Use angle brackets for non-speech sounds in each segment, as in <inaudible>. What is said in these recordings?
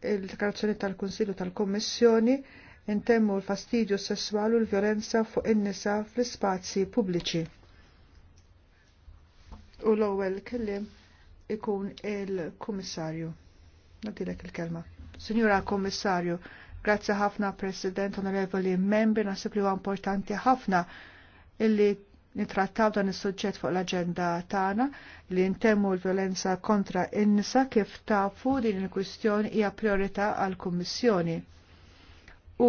il-deklarazzjoni tal konsilju tal-Kommissjoni intemmu l-fastidju sessuali u l-violenza fuq in-nisa fl-ispazji pubbliċi. U l-ewwel kellim ikun il-Kummissarju. Nadilek il-kelma. Sinjura Kommissarju, grazzi ħafna President Onorevoli Membri, nasib li huwa importanti ħafna illi nitrattaw dan is-suġġett fuq l-aġenda tagħna li ntemmu l-violenza kontra n nisa kif tafu din il-kwistjoni hija priorità għall-Kummissjoni.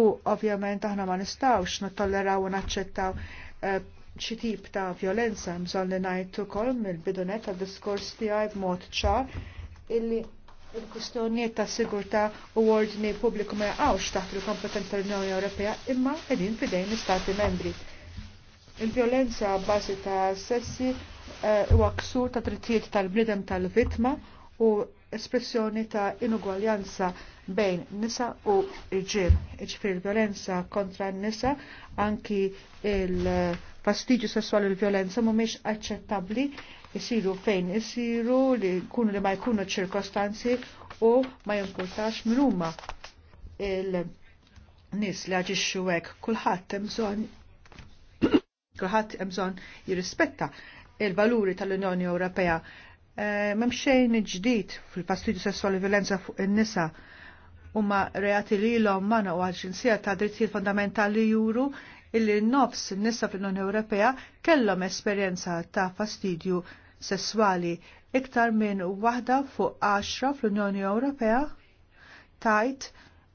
U ovvjament aħna ma nistgħux nittolleraw u naċċettaw eh, xi tip ta' violenza bżonn li ngħid ukoll mill-bidunet ta' diskors tiegħi b'mod ċar illi il-kustjonijiet ta' sigurta u ordni pubbliku ma jaqgħux taħt il-kompetenza tal-Unjoni Ewropea imma qegħdin fidejn l-Istati membri. Il-violenza bażi ta' sessi eh, huwa ksur ta' trittijiet tal-bnidem tal-vittma u espressjoni ta' inugwaljanza bejn nisa u irġiel. Iġifieri il-violenza kontra n-nisa anki il-fastidju sessuali il-violenza mhumiex aċċettabbli jisiru fejn jisiru li kunu li ma jkunu ċirkostanzi u ma jinkurtax minuma il-nis li għagġiċu għek kullħat bżonn kulħadd hemm bżonn jirrispetta il-valuri tal-Unjoni Ewropea. Eh, m'hemm xejn ġdid fil-pastidju sessuali violenza fuq in-nisa huma reati li lhom mana u għal-ġinsija ta' drittijiet fundamentali juru illi nofs in-nisa fl-Unjoni Ewropea kellhom esperjenza ta' fastidju sessuali iktar minn waħda fuq 10 fl-Unjoni Ewropea tajt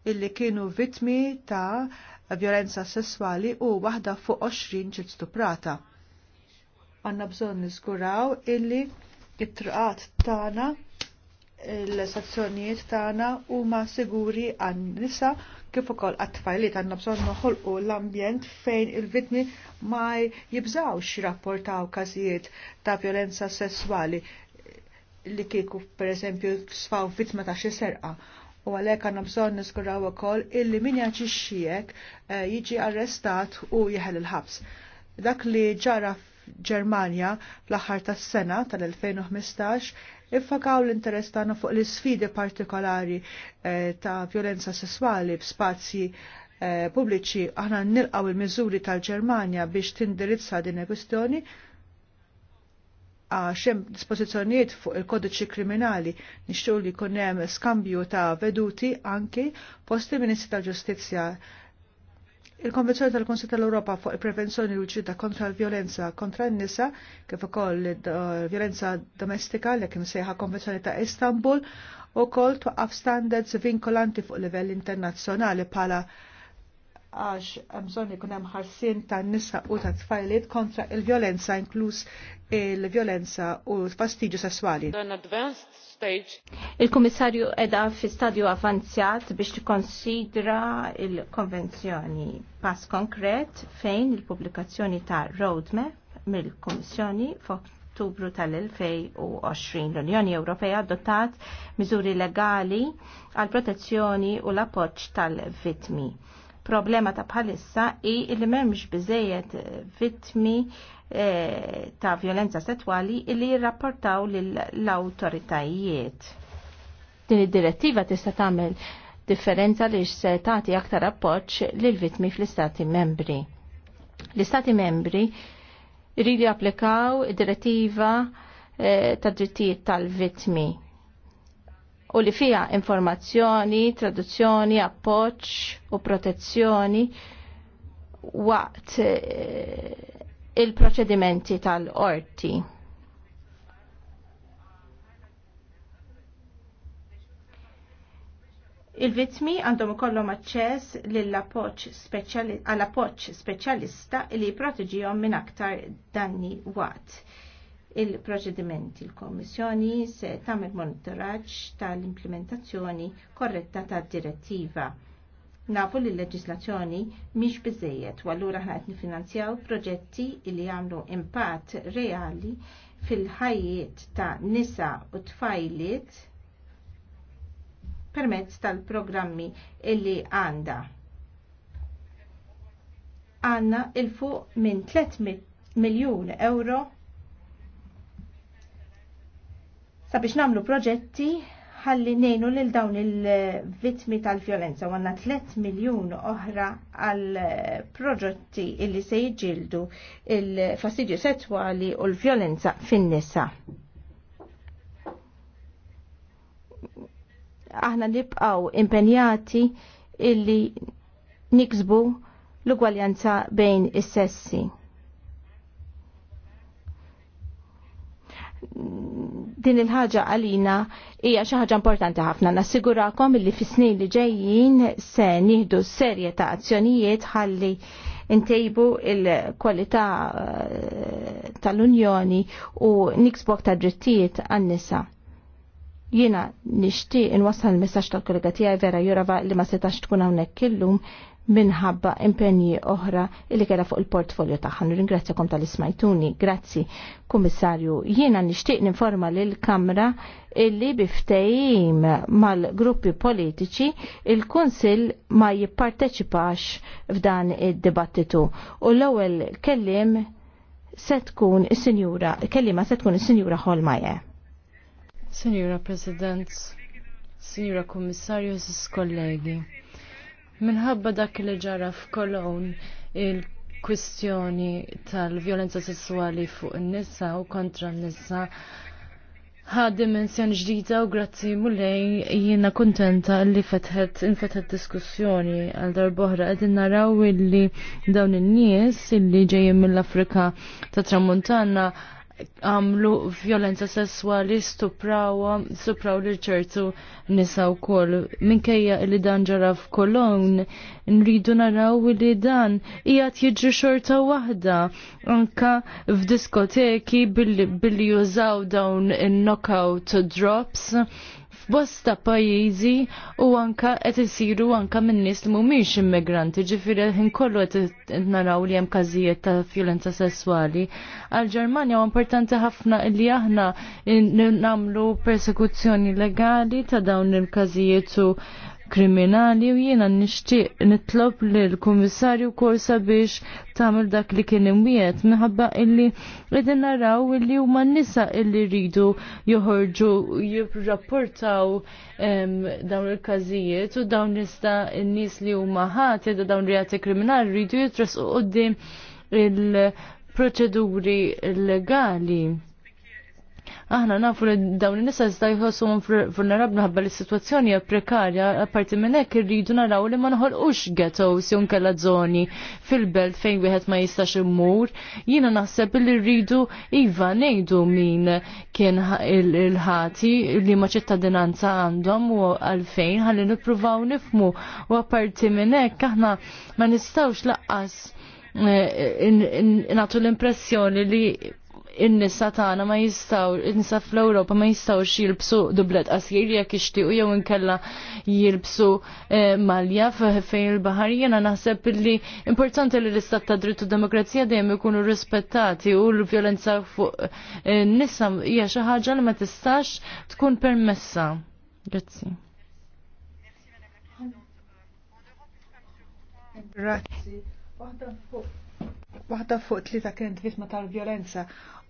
illi kienu vitmi ta' violenza sessuali u waħda fuq 20 ġiet stuprata. Għanna bżon niżguraw illi it-traqat tagħna il tana tagħna huma siguri għan nisa kif ukoll għat-tfajliet għandna bżonn noħolqu l-ambjent fejn il-vitni ma jibżawx jirrapportaw każijiet ta' violenza sesswali li kieku pereżempju sfaw vittma ta' xi serqa u għalhekk għandna bżonn niskuraw ukoll illi min jaċi hekk eh, jiġi arrestat u jeħel il-ħabs. Dak li ġara Ġermanja fl-aħħar tas-sena tal-2015 iffakaw l-interess tagħna fuq l-isfidi partikolari eh, ta' violenza sessuali b'spazji eh, pubbliċi aħna nilqaw il-miżuri tal-Ġermanja biex tindirizza din il-kwistjoni għax hemm dispożizzjonijiet fuq il-kodiċi kriminali nixtiew li jkun hemm skambju ta' veduti anki posti Ministri tal-Ġustizzja. Il-Konvenzjoni tal-Konsil tal-Ewropa fuq il-prevenzjoni l-ġida kontra l-violenza kontra n-nisa kif ukoll eh, violenza domestika li kien sejħa Konvenzjoni ta' Istanbul u kol standards vinkolanti fuq livell internazzjonali bħala għax bżonn ikun hemm ħarsien tan-nisa u ta' tfajliet kontra il-vjolenza inkluż il-vjolenza u l-fastidju sesswali. Il-Kummissarju edha fi stadju avanzjat biex tikkonsidra il-konvenzjoni pass konkret fejn il-pubblikazzjoni ta' roadmap mill-Kummissjoni f'Ottubru tal-2020 l-Unjoni Ewropea adottat miżuri legali għal protezzjoni u l-appoġġ tal-vitmi problema ta' bħalissa i li memx bizzejet eh, vittmi eh, ta' violenza setwali li jirrapportaw l-autoritajiet. Din id-direttiva tista' tagħmel differenza li se tagħti aktar appoġġ lil vittmi fl-istati membri. L-istati membri jridu japplikaw id-direttiva eh, ta' drittijiet tal-vittmi u li fija informazzjoni, traduzzjoni, appoċ u protezzjoni waqt eh, il-proċedimenti tal-orti. Il-vitmi għandhom ikollhom aċċess għall appoġġ speċjalista li jproteġihom minn aktar danni waqt il-proċedimenti. Il-Kommissjoni se tagħmel monitoraġġ tal-implementazzjoni korretta tad-direttiva. Nafu li l-leġislazzjoni mhix biżejjed u allura aħna qed nifinanzjaw proġetti li għamlu impatt reali fil-ħajjiet ta' nisa u tfajliet permezz tal-programmi li għanda. Għanna il-fuq minn 3 miljun euro biex namlu proġetti ħalli nejnu lil dawn il-vitmi tal-violenza għanna 3 miljon oħra għal eh, proġetti illi se jġildu il-fastidju setwali u l-violenza fin-nisa. Aħna nibqaw impenjati illi niksbu l-ugwaljanza bejn is-sessi. din il-ħaġa għalina hija xi ħaġa importanti ħafna. Nassigurakom illi fis-snin li ġejjin se nieħdu serje ta' azzjonijiet ħalli ntejbu il-kwalità eh, tal-Unjoni u niksbok ta' drittijiet għan-nisa. Jiena nixtieq inwassal il-messaġġ tal-kollega tiegħi Vera Jurava li ma setax tkun hawnhekk illum minħabba impenji oħra li kera fuq il-portfolio tagħha. Ringrazzjakom tal-ismajtuni, grazzi kummissarju. Jiena nixtieq ninforma l kamra illi biftejim mal-gruppi politiċi il-Kunsil ma jipparteċipax f'dan id-dibattitu. U l-ewwel kellim se tkun is-sinjura, kellima se tkun is-sinjura Holmaje. Sinjura President, Sinjura Kummissarju, s kollegi. Minħabba dak li ġara f'Kolon il-kwistjoni tal-vjolenza sessuali fuq n-nisa u kontra n-nisa ħa dimensjoni ġdida u grazzi mullej jiena kontenta li fetħet infetħet diskussjoni għal darboħra għedin naraw illi dawn in-nies illi ġejjin mill-Afrika ta' Tramuntana għamlu violenza sessuali stuprawa, stupraw li ċertu nisa kol. Minkejja li dan ġara f'Kolon, nridu naraw li dan ijat jiġri xorta wahda, anka f'diskoteki billi jużaw dawn il-knockout drops f'bosta pajjiżi u anka qed isiru anka minn nies li mhumiex immigranti, ġifieri ħin kollu qed naraw li hemm każijiet ta' violenza sesswali. Għal Ġermanja huwa importanti ħafna li aħna nagħmlu persekuzzjoni legali ta' dawn il-każijiet u kriminali u jiena nishtiq nitlob lill kummissarju korsa biex tagħmel dak li kien imwiet minħabba illi għedin naraw illi huma nisa illi rridu joħorġu jirrapportaw dawn il-każijiet u dawn nista n-nies li huma ħati da dawn reati kriminali rridu jitresqu qudiem il-proċeduri legali. Aħna nafu li dawn in-nisa iżda jħossu vulnerabbli ħabba li s-sitwazzjoni hija prekarja, apparti minn hekk irridu naraw li ma noħolqux ghettos jew nkella żoni fil-belt fejn wieħed ma jistax immur. Jiena naħseb li rridu iva ngħidu min kien il-ħati li ma ċittadinanza għandhom u għalfejn ħalli nippruvaw nifmu u apparti minn hekk aħna ma nistgħux laqqas eh, nagħtu l-impressjoni li in-nisa tagħna ma jistgħu in-nisa fl-Ewropa ma jistgħux jilbsu dublet qasir jekk ixtiequ jew inkella jilbsu eh, malja fejn il-baħar jiena naħseb li importanti li l-istat ta' dritt u demokrazija dejjem ikunu rispettati u l-vjolenza fuq in-nisa eh, hija xi ħaġa li ma tistax tkun permessa. Grazzi. Grazzi. Waħda fuq tlieta kien vittma tal-vjolenza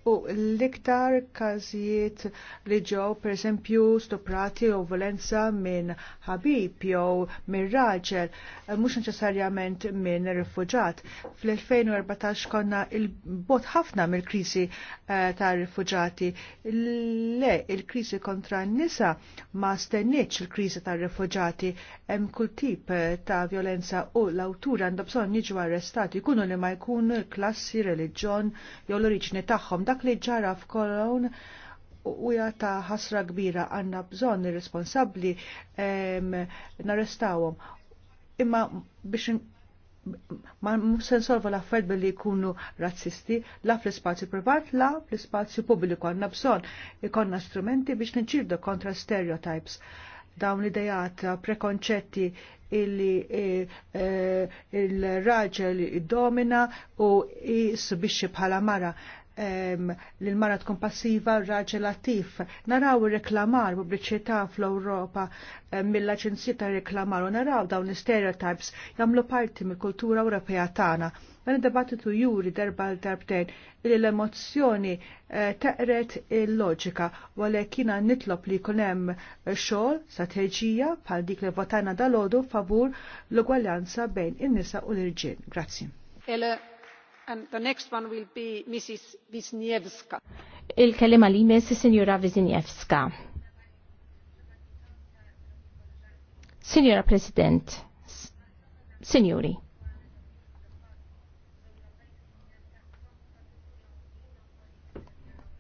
u l-iktar każijiet li ġew pereżempju stuprati u violenza minn ħabib jew minn raġel eh, mhux neċessarjament minn rifuġat. Fl-2014 konna il-bot ħafna mill-krisi eh, tar rifuġati. Le, il-krisi kontra n-nisa ma stenniċ il-krisi tar rifuġati hemm kull tip eh, ta' violenza u l-awtur għandhom bżonn jiġu arrestati jkunu li ma jkun klassi, reliġjon jew l-oriġni tagħhom dak li ġara f'Kolon u jata ħasra kbira għanna bżon irresponsabli narrestawhom. Imma biex ma se nsolvu l-affarijiet billi jkunu razzisti la fl-ispazju privat la fl-ispazju pubbliku għandna bżonn ikonna strumenti biex nċirdu kontra stereotypes dawn l-idejat prekonċetti illi e, e, il-raġel id-domina u jisbixxi bħala mara l-mara tkun passiva raġel attiv. Naraw reklamar pubbliċità fl-Ewropa mill-aġenzji ta' reklamar u naraw dawn stereotypes jagħmlu parti mill-kultura Ewropea tagħna. Dan id-dibattitu juri darba l darbtejn li l-emozzjoni eh, teqret il-loġika u għalhekk jiena nitlob li jkun hemm xogħol strateġija bħal dik li votajna dalodu favur l-ugwaljanza bejn in-nisa u l-irġiel. Grazzi. Il-kelima li jmiss is-Sinjura Wisniewska. Sinjura President, Sinjuri.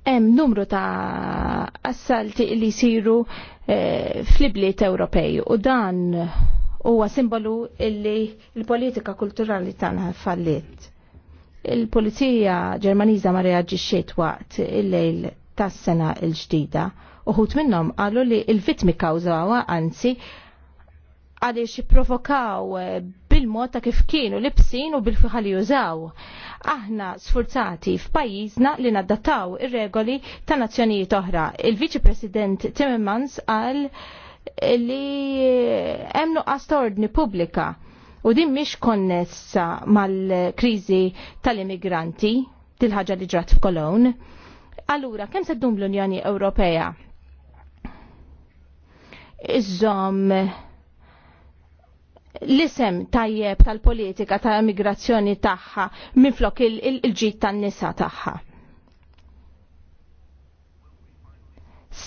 Hemm numru ta' assalti li jsiru eh, fl-ibliet Ewropej u dan huwa simbolu illi l-politika kulturali tagħna fallit Il-Polizija Ġermaniża ma reaġixxiet waqt il-lejl tas-sena l-ġdida. Uħut minnhom qalu li l-vittmi kawżawa anzi għaliex jipprovokaw eh, bil-mod ta' kif kienu libsin u bil li jużaw. Aħna sfurzati f'pajjiżna li naddataw ir-regoli ta' nazzjonijiet oħra. Il-Viċi President Timmermans għal li eh, hemm nuqqas ta' ordni pubblika U din mhix konnessa mal-kriżi tal-immigranti, til-ħaġa li ġrat f'Kolon. Allura, kemm se ddum l-Unjoni Ewropea? Iżom l-isem tajjeb tal-politika ta' immigrazzjoni tagħha minflok il-ġid tan-nisa tagħha.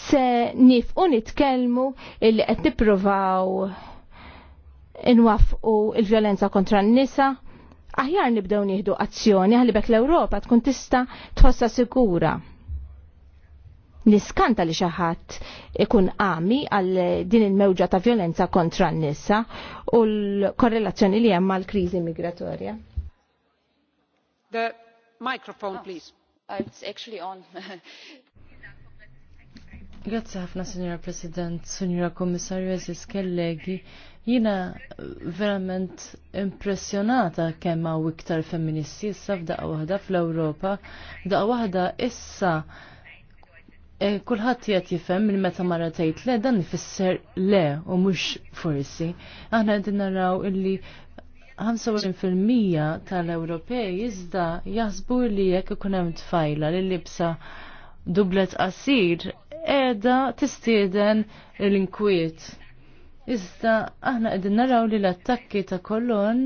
Se nifqu nitkellmu il qed nippruvaw inwafqu il-violenza kontra n-nisa, aħjar nibdew nieħdu azzjoni għalibek l-Ewropa tkun tista' tħossa sikura. Niskanta li xaħat ikun għami għal din il-mewġa ta' violenza kontra n-nisa u l-korrelazzjoni li hemm mal-kriżi migratorja. The microphone, please. Oh, uh, it's actually on. <laughs> Grazie ħafna, Signora President, Signora Kommissarju, eżis Kellegi. Jina eh, verament impressionata kemm hawn iktar femministi issa f'daqqa waħda fl-Ewropa, f'daqqa waħda issa eh, kulħadd qed jifhem minn meta mara tgħid le dan ifisser le u mhux forsi. Aħna qegħdin naraw illi 25% tal-Ewropej iżda jaħsbu li jekk ikun hemm tfajla li libsa dublet qasir qiegħda tistieden l-inkwiet Iżda aħna qegħdin naraw li l-attakki ta' kolon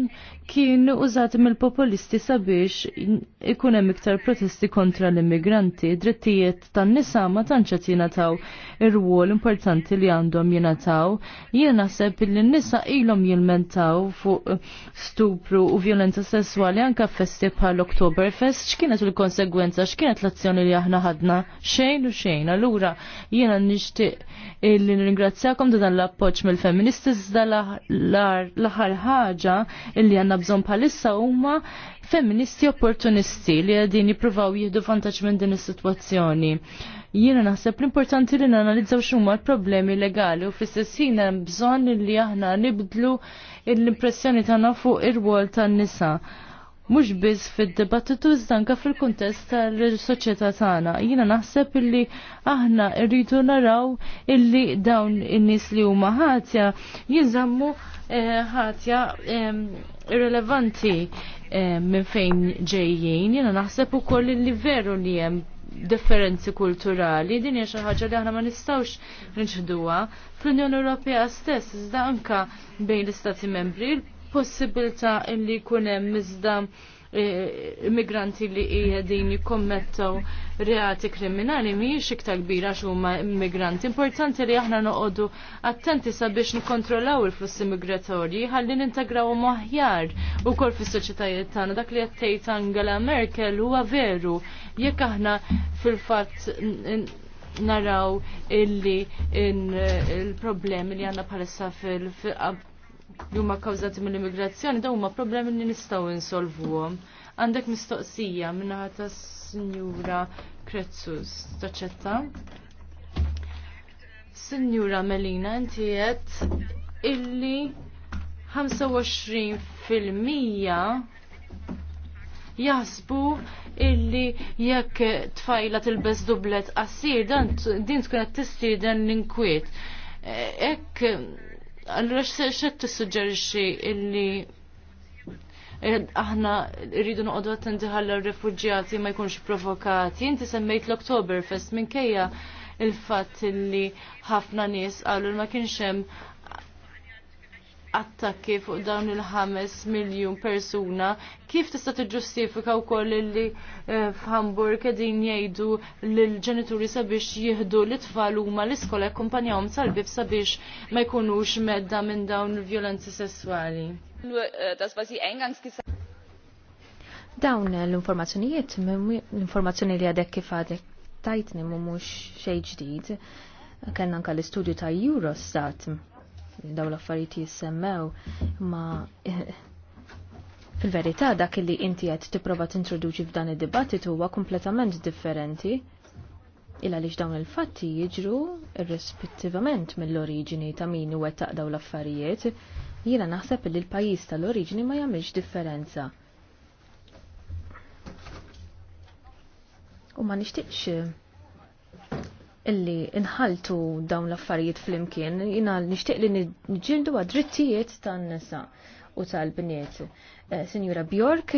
kien użat mill-populisti sabiex ikun hemm iktar protesti kontra l-immigranti, drittijiet tan-nisa ma tantx qed jingħataw ir-rwol importanti li għandhom jingħataw. Jien naħseb li n-nisa ilhom jilmentaw fuq stupru u violenza sesswali anke festi bħal Oktoberfest, x'kienet il-konsegwenza, x'kienet l-azzjoni li aħna ħadna xejn u xejn. Allura jiena nixtieq li nirringrazzjakom ta' dan l-appoġġ mill-feministi iżda l-aħħar ħaġa illi għandna bżonn bħalissa huma femministi opportunisti li għadin jipruvaw jihdu vantaġġ minn din is-sitwazzjoni. Jiena naħseb l-importanti li nanalizzaw x'huma l-problemi legali u fl-istess ħin hemm bżonn li aħna nibdlu l-impressjoni tagħna fuq ir wol tan-nisa mhux biss fid debattitu iżda fil-kuntest tal-soċjetà tagħna. Jiena naħseb illi aħna rridu naraw illi dawn in-nies li huma ħatja jinżammu eh, ħatja irrelevanti eh, minn fejn ġejjin. Jiena naħseb ukoll illi veru li hemm differenzi kulturali, din hija xi ħaġa li aħna ma nistgħux nixduha fl-Unjoni Ewropea stess, iżda anke bejn l-Istati Membri, possibilità illi jkun hemm iżda eh, immigranti li qiegħdin jikkommettaw reati kriminali mhijiex iktar kbira għax huma immigranti. Importanti li aħna noqogħdu attenti sabiex nikkontrollaw il-flussi migratorji ħalli nintegraw aħjar ukoll fis-soċjetajiet tagħna dak li qed tgħid Angela Merkel huwa veru jekk aħna fil-fatt naraw illi il-problemi li għanna palissa fil-qab li huma kkawżati mill-immigrazzjoni dawn huma problemi li nistgħu insolvuhom. Għandek mistoqsija minnaħa tas-Sinjura Krezzus, taċċetta? Sinjura Melina, inti qed illi 25% jasbu illi jekk tfajla tilbes dublet qasir dan din tkun qed tistieden l-inkwiet. E, Ekk Allura xed tissuġġerixxi illi eh, aħna rridu noqogħdu attenti ħalla r-refuġjati ma jkunx provokati. Inti semmejt l-Oktoberfest minkejja il-fatt illi ħafna nies qalu ma kienx hemm attakki fuq dawn il-5 miljun persuna, kif tista' tiġġustifika wkoll li eh, f'Hamburg qegħdin jgħidu lil ġenituri sabiex jieħdu l-itfal huma l-iskola jakkumpanjawhom tal-bib sabiex ma jkunux medda minn dawn il-vjolenzi sesswali. Dawn l-informazzjonijiet, l-informazzjoni li għadek kif għadek tajtni mhux xejn ġdid, kellna anke l-istudju ta' Eurostat daw l-affarijiet jissemmew, ma fil-verità dak li inti qed tipprova tintroduċi f'dan id dibattit huwa kompletament differenti illa għaliex dawn il-fatti jiġru rispettivament mill-oriġini ta' min u għed taqdaw l-affarijiet, jiena naħseb li l-pajjiż tal-oriġini ma jagħmilx differenza. U ma nixtieqx illi inħaltu dawn l-affarijiet fl-imkien, jina nishtiq li nġildu għadrittijiet tan nisa u tal-bniet. Eh, Signora Bjork,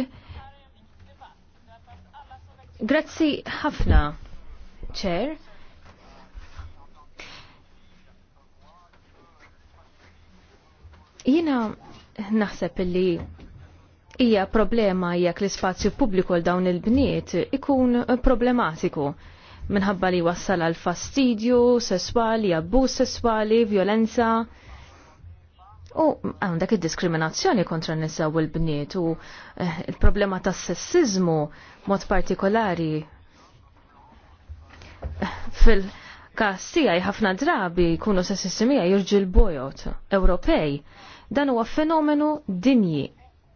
grazzi ħafna, ċer. Jina naħseb illi hija problema jekk l-ispazju pubbliku għal dawn il-bniet ikun problematiku minħabba li wassal għal fastidju sesswali, abbuż sesswali, violenza. U għandek id-diskriminazzjoni kontra n-nisa u l-bniet u eh, il-problema tas sessizmu mod partikolari eh, fil-kas tiegħi ħafna drabi kunu sessissimija jirġi l-bojot Ewropej. Dan huwa fenomenu dinji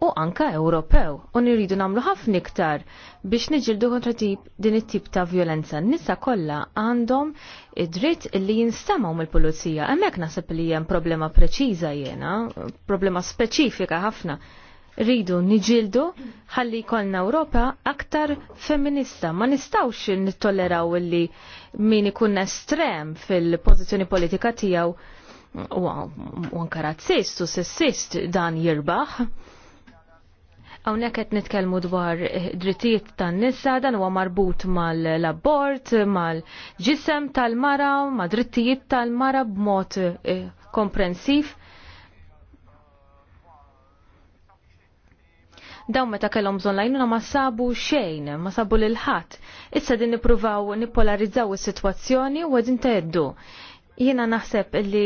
u anka Ewropew u nirridu namlu ħafna iktar biex niġildu kontra tip din it-tip ta' violenza. Nisa kollha għandhom id-dritt li jinstamaw mill-pulizija. Hemmhekk naħseb li hemm problema preċiża jiena, problema speċifika ħafna. Ridu niġildu ħalli jkollna Ewropa aktar femminista. Ma nistawx nittoleraw li min ikun estrem fil-pożizzjoni politika tiegħu u anka razzist u sessist dan jirbaħ Hawnhekk qed nitkellmu dwar eh, drittijiet tan-nisa dan huwa marbut mal-abort, mal-ġisem tal-mara, ma' drittijiet tal-mara b'mod eh, komprensiv. daw meta kellhom bżonn lajnuna ma sabu xejn, ma sabu lil ħadd. Issa din nippruvaw nippolarizzaw is-sitwazzjoni u għedin teddu. Jiena naħseb li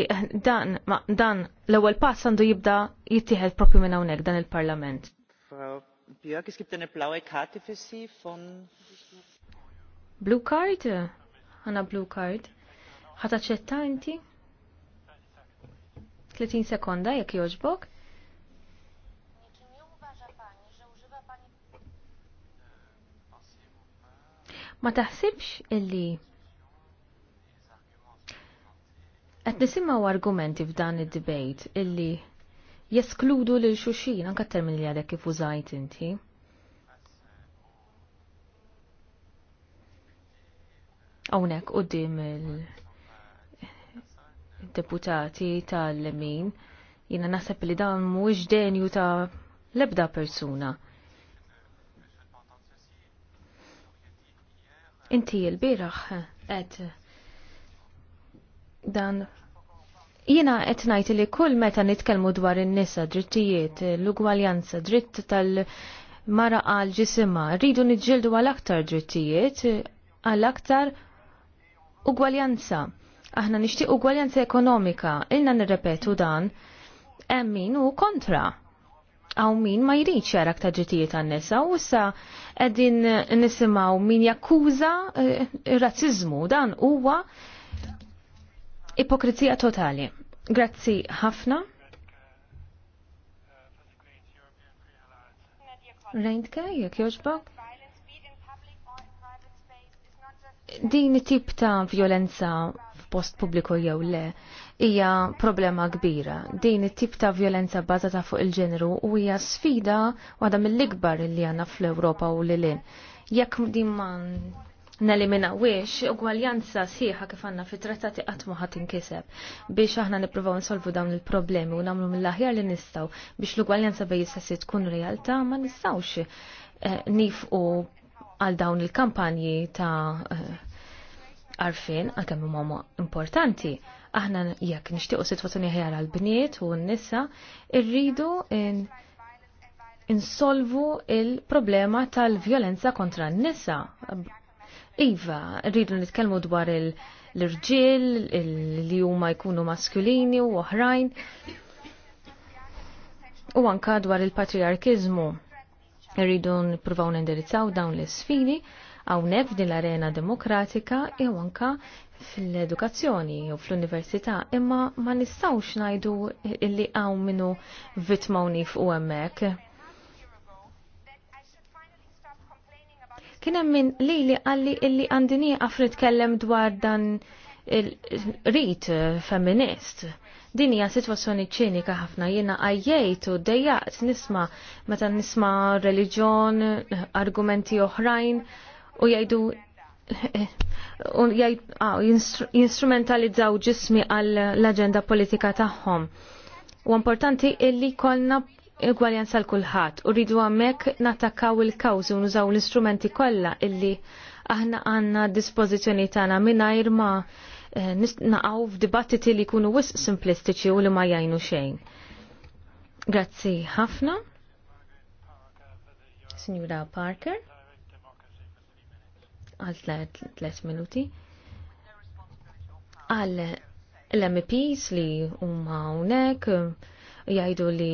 dan, dan l-ewwel pass għandu jibda jittieħed propju minn hawnhekk dan il-Parlament. Frau Björk, es gibt eine blaue Karte für Sie von... Blue Card? Anna Blue Card. Ħataċċetta inti? 30 sekonda, jekk joġbok. ma taħsibx illi qed nisimgħu argumenti f'dan id-debate illi jeskludu lil xuxin anka termin li għadek kif użajt inti. Hawnhekk dim il-deputati tal-Lemin jiena naħseb li dan mhuwiex denju ta' lebda persuna. Inti l-biraħ qed dan Jina qed li kull meta nitkellmu dwar in-nisa drittijiet, l-ugwaljanza, dritt tal-mara għal ġisimha, rridu niġġieldu għal aktar drittijiet, għal aktar ugwaljanza. Aħna nixtieq ugwaljanza ekonomika, ilna nirrepetu dan, hemm min hu kontra. Għaw min ma jridx jara aktar drittijiet għan-nisa u issa qegħdin nisimgħu min jakkuża ir-razziżmu eh, dan huwa Ipokrizija totali. Grazzi ħafna. Rejntke, jek joġbok? Din tip ta' violenza f'post pubbliku jew le hija problema kbira. Din it-tip ta' violenza bażata fuq il-ġeneru u hija sfida waħda mill-ikbar li għandna fl-Ewropa u lilin. Jekk din ma neliminawiex ugwaljanza sħiħa kif għandna fit-trattati qatt ma ħadd inkiseb biex aħna nippruvaw nsolvu dawn il-problemi u nagħmlu mill-aħjar li nistgħu biex l-ugwaljanza bej is tkun realtà ma nistgħux eh, nifqu għal dawn il-kampanji ta' eh, għarfien għal kemm huma importanti aħna jekk nixtiequ situazzjoni ħjar għal bniet u n-nisa irridu insolvu il-problema tal-vjolenza kontra n-nisa Iva, rridu nitkellmu dwar l-irġiel li huma jkunu maskulini u oħrajn u anka dwar il-patriarkizmu. Rridu nippruvaw nindirizzaw dawn l-isfini hawnhekk f'din l-arena demokratika jew anka fil-edukazzjoni u fl-università imma ma nistgħux ngħidu illi hawn minnu vitmawni fuq hemmhekk Kien hemm min lili għalli illi għandini għafri tkellem dwar dan il-rit eh, feminist. Din hija sitwazzjoni ċinika ħafna jiena għajjejt u dejjaqt nisma meta nisma reliġjon, argumenti oħrajn u jgħidu <laughs> u ah, jinstrumentalizzaw ġismi għall l-aġenda politika tagħhom. U importanti illi kolna il-gwaljanza l-kulħat u rridu għamek natakaw il-kawzi u nużaw l-istrumenti kollha illi aħna għanna dispozizjoni tagħna mingħajr ma eh, naqgħu f'dibattiti li jkunu wisq simplistiċi u li ma jajnu xejn. Grazzi ħafna. Signora Parker. Għal tlet minuti. Għal l-MPs li huma hawnhekk jgħidu li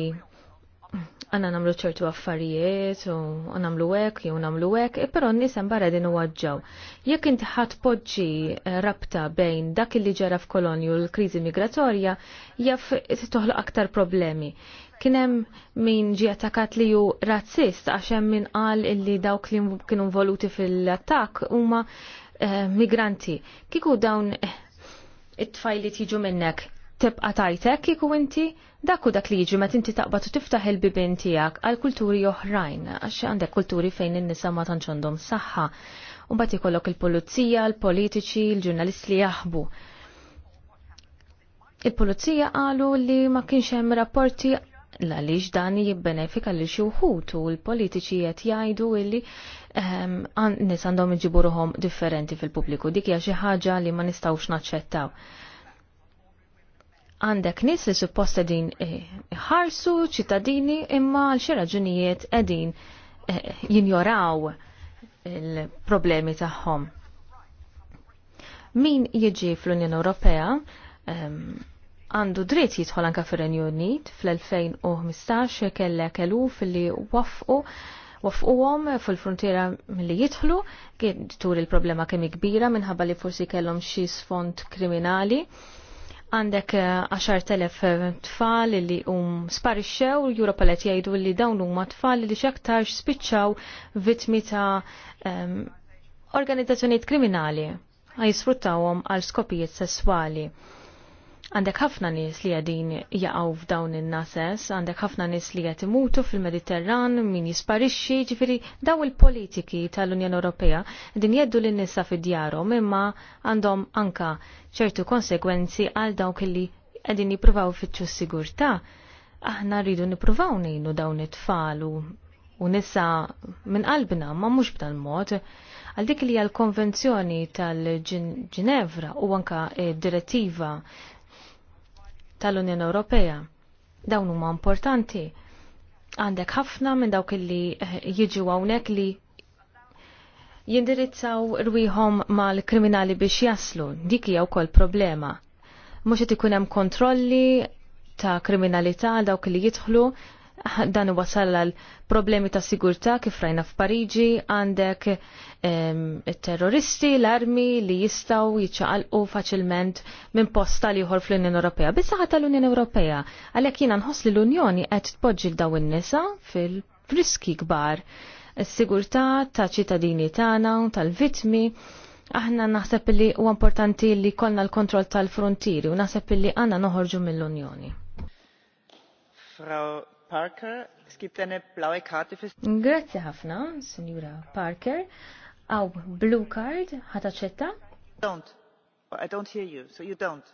għanna namlu ċertu affarijiet u namlu għek, jew namlu għek, e pero nisem barra din u għadġaw. Jekk inti ħat poġġi eh, rabta bejn dak li ġara f'kolonju l-krizi migratorja, jaff toħlu aktar problemi. Kienem min ġi attakat li ju razzist, għaxem min qal illi dawk li kienu voluti fil-attak huma eh, migranti. Kiku dawn eh, it-tfajli tiġu minnek tibqa tajtek kieku inti dak u dak li jiġi meta inti taqbad u tiftaħ il-bibin tiegħek għal kulturi oħrajn għax għandek kulturi fejn in-nisa ma tantx għandhom saħħa. Mbagħad ikollok il-pulizija, l politiċi il-ġurnalisti li jaħbu. Il-pulizija qalu li ma kienx hemm rapporti għaliex dan jibbenefika li xi wħud u l-politiċi qed jgħidu illi ehm, nis għandhom iġibu differenti fil-pubbliku. Dik hija xi ħaġa li ma nistgħux naċċettaw għandek nis li suppost edin eh, ħarsu ċittadini imma għal xi raġunijiet qegħdin eh, jinjoraw il-problemi tagħhom. Min jiġi fl-Unjoni Ewropea ehm, għandu dritt jidħol anka fir-Renju Unit fl-2015 kellek eluf li waffqu wafquhom fil-frontiera milli jidħlu tur il-problema kemm kbira minħabba li forsi kellhom xi sfond kriminali għandek 10.000 eh, eh, tfal li um sparixxew, l-Europa let jgħidu li dawn huma tfal li xaktar spiċċaw vittmi ta' um, organizzazzjonijiet kriminali għaj sfruttawom għal skopijiet sesswali. Għandek ħafna nies li għadin jaqgħu f'dawn in-nases, għandek ħafna nies li qed imutu fil-Mediterran, min jisparixxi, ġifiri daw il-politiki tal-Unjoni Ewropea din jeddu l nisa fid-djarhom imma għandhom anka ċertu konsekwenzi għal dawk li għadin jippruvaw fitxu s-sigurtà. Aħna rridu nippruvaw nejnu dawn it-tfal u nisa minn qalbna ma mhux b'dan mod għal dik li għal konvenzjoni tal-Ġinevra u anka eh, direttiva tal-Unjoni Ewropea. Dawn huma importanti. Għandek ħafna minn dawk li eh, jiġu hawnhekk li jindirizzaw rwieħhom mal-kriminali biex jaslu. Dik hija wkoll problema. Mhux qed ikun hemm kontrolli ta' kriminalità dawk li jidħlu dan wasal għal problemi ta' sigurtà kif rajna f'Pariġi għandek terroristi, l-armi li jistaw jiċċaqalqu faċilment minn posta li jħor fl-Unjoni Ewropea. Bissa ħata l-Unjoni Ewropea, għalhekk jiena nħoss li l-Unjoni qed tpoġġi daw in-nisa fil-riski kbar. Is-sigurtà ta' ċittadini tagħna u tal-vitmi aħna naħseb li u importanti li kollna l-kontroll tal-frontieri u naħseb li għanna noħorġu mill-Unjoni. Frau Parker, skiptene eine blaue Karte für... Grazie ħafna, Signora Parker. Aw, blue card, ħataċetta? Don't. I don't hear you, so you don't.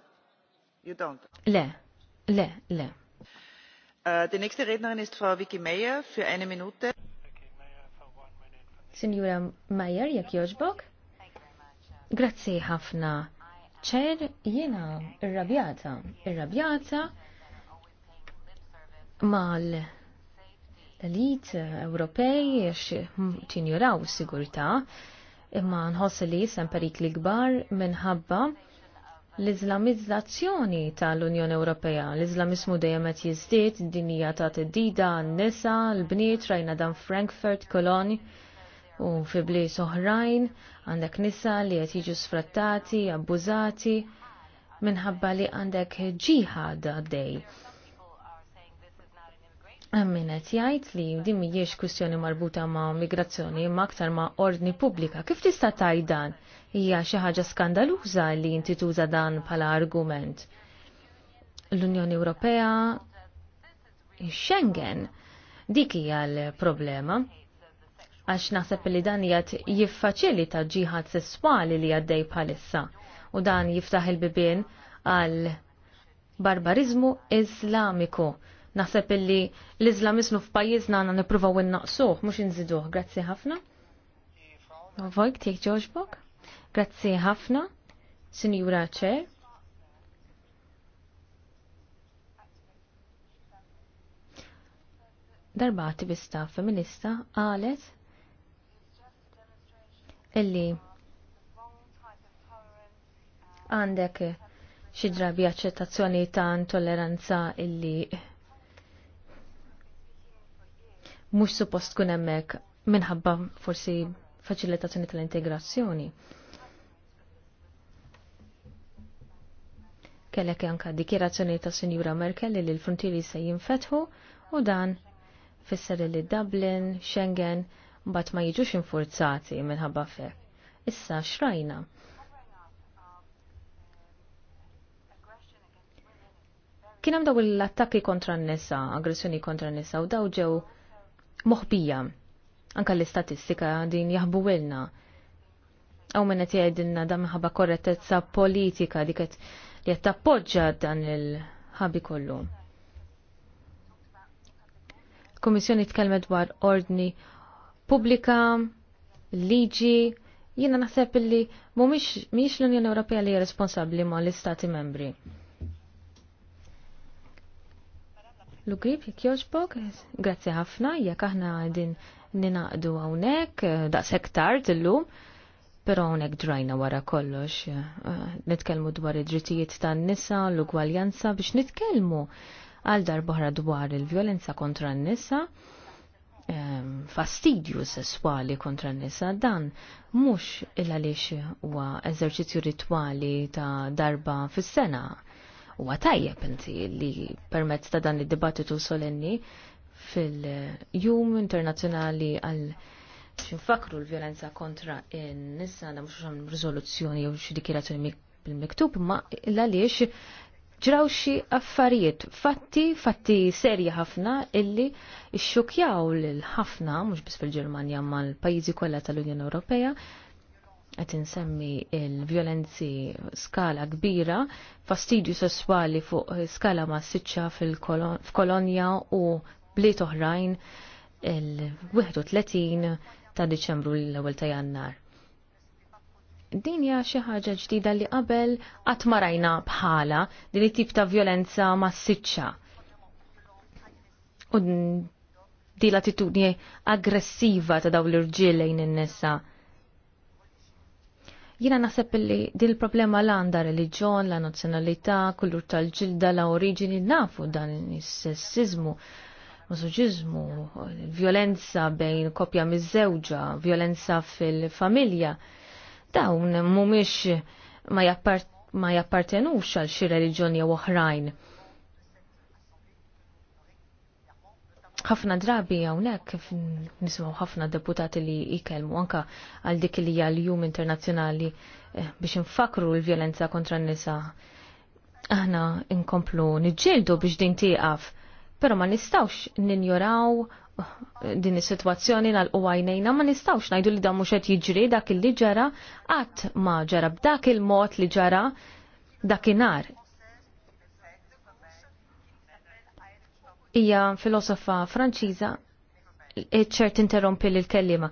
You don't. Le, le, le. Uh, die nächste Rednerin ist Frau Vicky Meyer für eine Minute. Signora Meyer, jak joġbok? Grazie ħafna. ċer jena irrabjata, irrabjata mal l-elit Ewropej tinjuraw s-sigurtà imma nħoss li jisem perikli kbar minħabba l-Islamizzazzjoni tal-Unjoni Ewropea. l izlamizmu dejjem qed jiżdied dinija ta' teddida n-nisa, l-bniet rajna dan Frankfurt, Kolon u fi bliet oħrajn għandek nisa li qed jiġu sfrattati, abbużati minħabba li għandek ġihad għaddej Amminet, jgħid li din mhijiex kwistjoni marbuta ma' migrazzjoni imma aktar ma' ordni pubblika. Kif tista' tgħid dan? Hija xi ħaġa skandaluża li inti tuża dan bħala argument. L-Unjoni Ewropea Schengen dik hija l-problema għax naħseb li dan jgħat jiffaċilita ġiħad sessuali li għaddej bħalissa u dan jiftaħ il-bibien għal barbarizmu islamiku Naħseb illi l-Islamismu f'pajjiżna għandna nippruvaw innaqsuh mhux inżiduh. Grazzi ħafna. Vojk tiegħek ġoġbok? Grazzi ħafna, Sinjura Ċer. Darba attivista feminista qalet illi għandek xi drabi aċċettazzjoni ta' intolleranza illi mhux suppost kun hemmhekk minħabba forsi faċilitazzjoni tal-integrazzjoni. kellek anka dikjerazzjoni ta' Sinjura Merkel li l-frontieri se jinfetħu u dan fisser li Dublin, Schengen, mbagħad ma jiġux infurzati minħabba fek. Issa xrajna. Kien hemm daw l-attakki kontra n-nisa, aggressjoni kontra n-nisa u daw ġew moħbija. Anka l-istatistika din jahbu wilna. Aw minna jgħidinna dam minħabba korrettezza politika diket li qed tappoġġa dan il-ħabi kollu. Komissjoni tkellmet dwar ordni pubblika, liġi, jiena naħseb li mhumiex l-Unjoni Ewropea li hija responsabbli ma l-Istati membri. L-grib jek joġbog, grazzi ħafna, jekk aħna din ninaqdu hawnhekk eh, daqshekk tard illum, però hawnhekk drajna wara kollox. Eh, nitkellmu dwar id-drittijiet tan-nisa, l-ugwaljanza biex nitkellmu għal darbohra dwar il-vjolenza kontra n-nisa fastidju sessuali kontra n-nisa dan mhux il għaliex huwa eżerċizzju ritwali ta' darba fis-sena huwa tajjeb inti li permezz ta' dan id-dibattitu solenni fil-Jum Internazzjonali għal xinfakru l-violenza kontra n-nissa għandha mux għam riżoluzzjoni jew xi bil-miktub ma l-għaliex ġraw xi affarijiet fatti, fatti serji ħafna illi xxukjaw lil ħafna mhux biss fil-Ġermanja ma l-pajjiżi kollha tal-Unjoni Ewropea qed insemmi il-vjolenzi skala kbira, fastidju sesswali fuq skala massiċċa fil-kolonja u bliet oħrajn il-31 ta' Diċembru l-ewwel ta' Jannar. Din hija xi ħaġa ġdida li qabel qatt ma rajna bħala din it-tip ta' vjolenza massiċċa. U din l-attitudni aggressiva ta' dawn l-irġiel lejn in-nisa. Jina naħseb li din il-problema l għanda reliġjon, la nazzjonalità, kullur tal-ġilda, la oriġini nafu dan is-sessizmu, masoġizmu, violenza bejn kopja miż-żewġa, violenza fil-familja. Dawn mhumiex ma, ma jappartenux għal xi reliġjoni jew oħrajn. ħafna drabi hawnhekk nisimgħu ħafna deputati li jikelmu anka għal dik li hija l-jum internazzjonali eh, biex infakru l-vjolenza kontra n-nisa. Aħna inkomplu niġġieldu biex din tieqaf, però ma nistgħux ninjoraw eh, din is-sitwazzjoni nal għajnejna ma nistgħux ngħidu li dan mhux qed jiġri dak li ġara qatt ma ġara b'dak il-mod li ġara dakinhar hija filosofa Franċiża ċert interrompi l kellima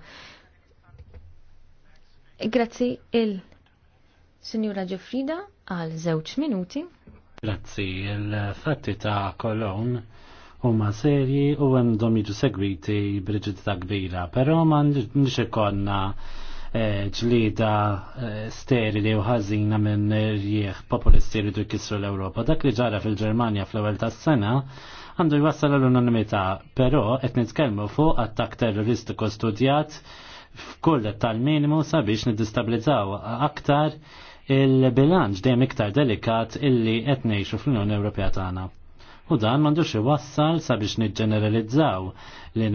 Grazzi il Signora Ġefrida għal żewġ minuti. Grazzi, il-fatti ta' Kolon huma serji u hemm domiġu jiġu segwiti b'riġidità kbira, però ma nix ikonna eh, ġlida eh, sterili u ħażina minn rieħ populisti li jkissru l-Ewropa. Dak li ġara fil-Ġermanja fl-ewwel tas-sena għandu jwassal l-unanimità, però qed nitkellmu fuq attak terroristiku studjat f'kull tal-minimu sabiex nidistabilizzaw aktar il-bilanċ dejjem iktar delikat illi qed ngħixu fl-Unjoni Ewropea tagħna. U dan m'għandux iwassal sabiex niġġeneralizzaw li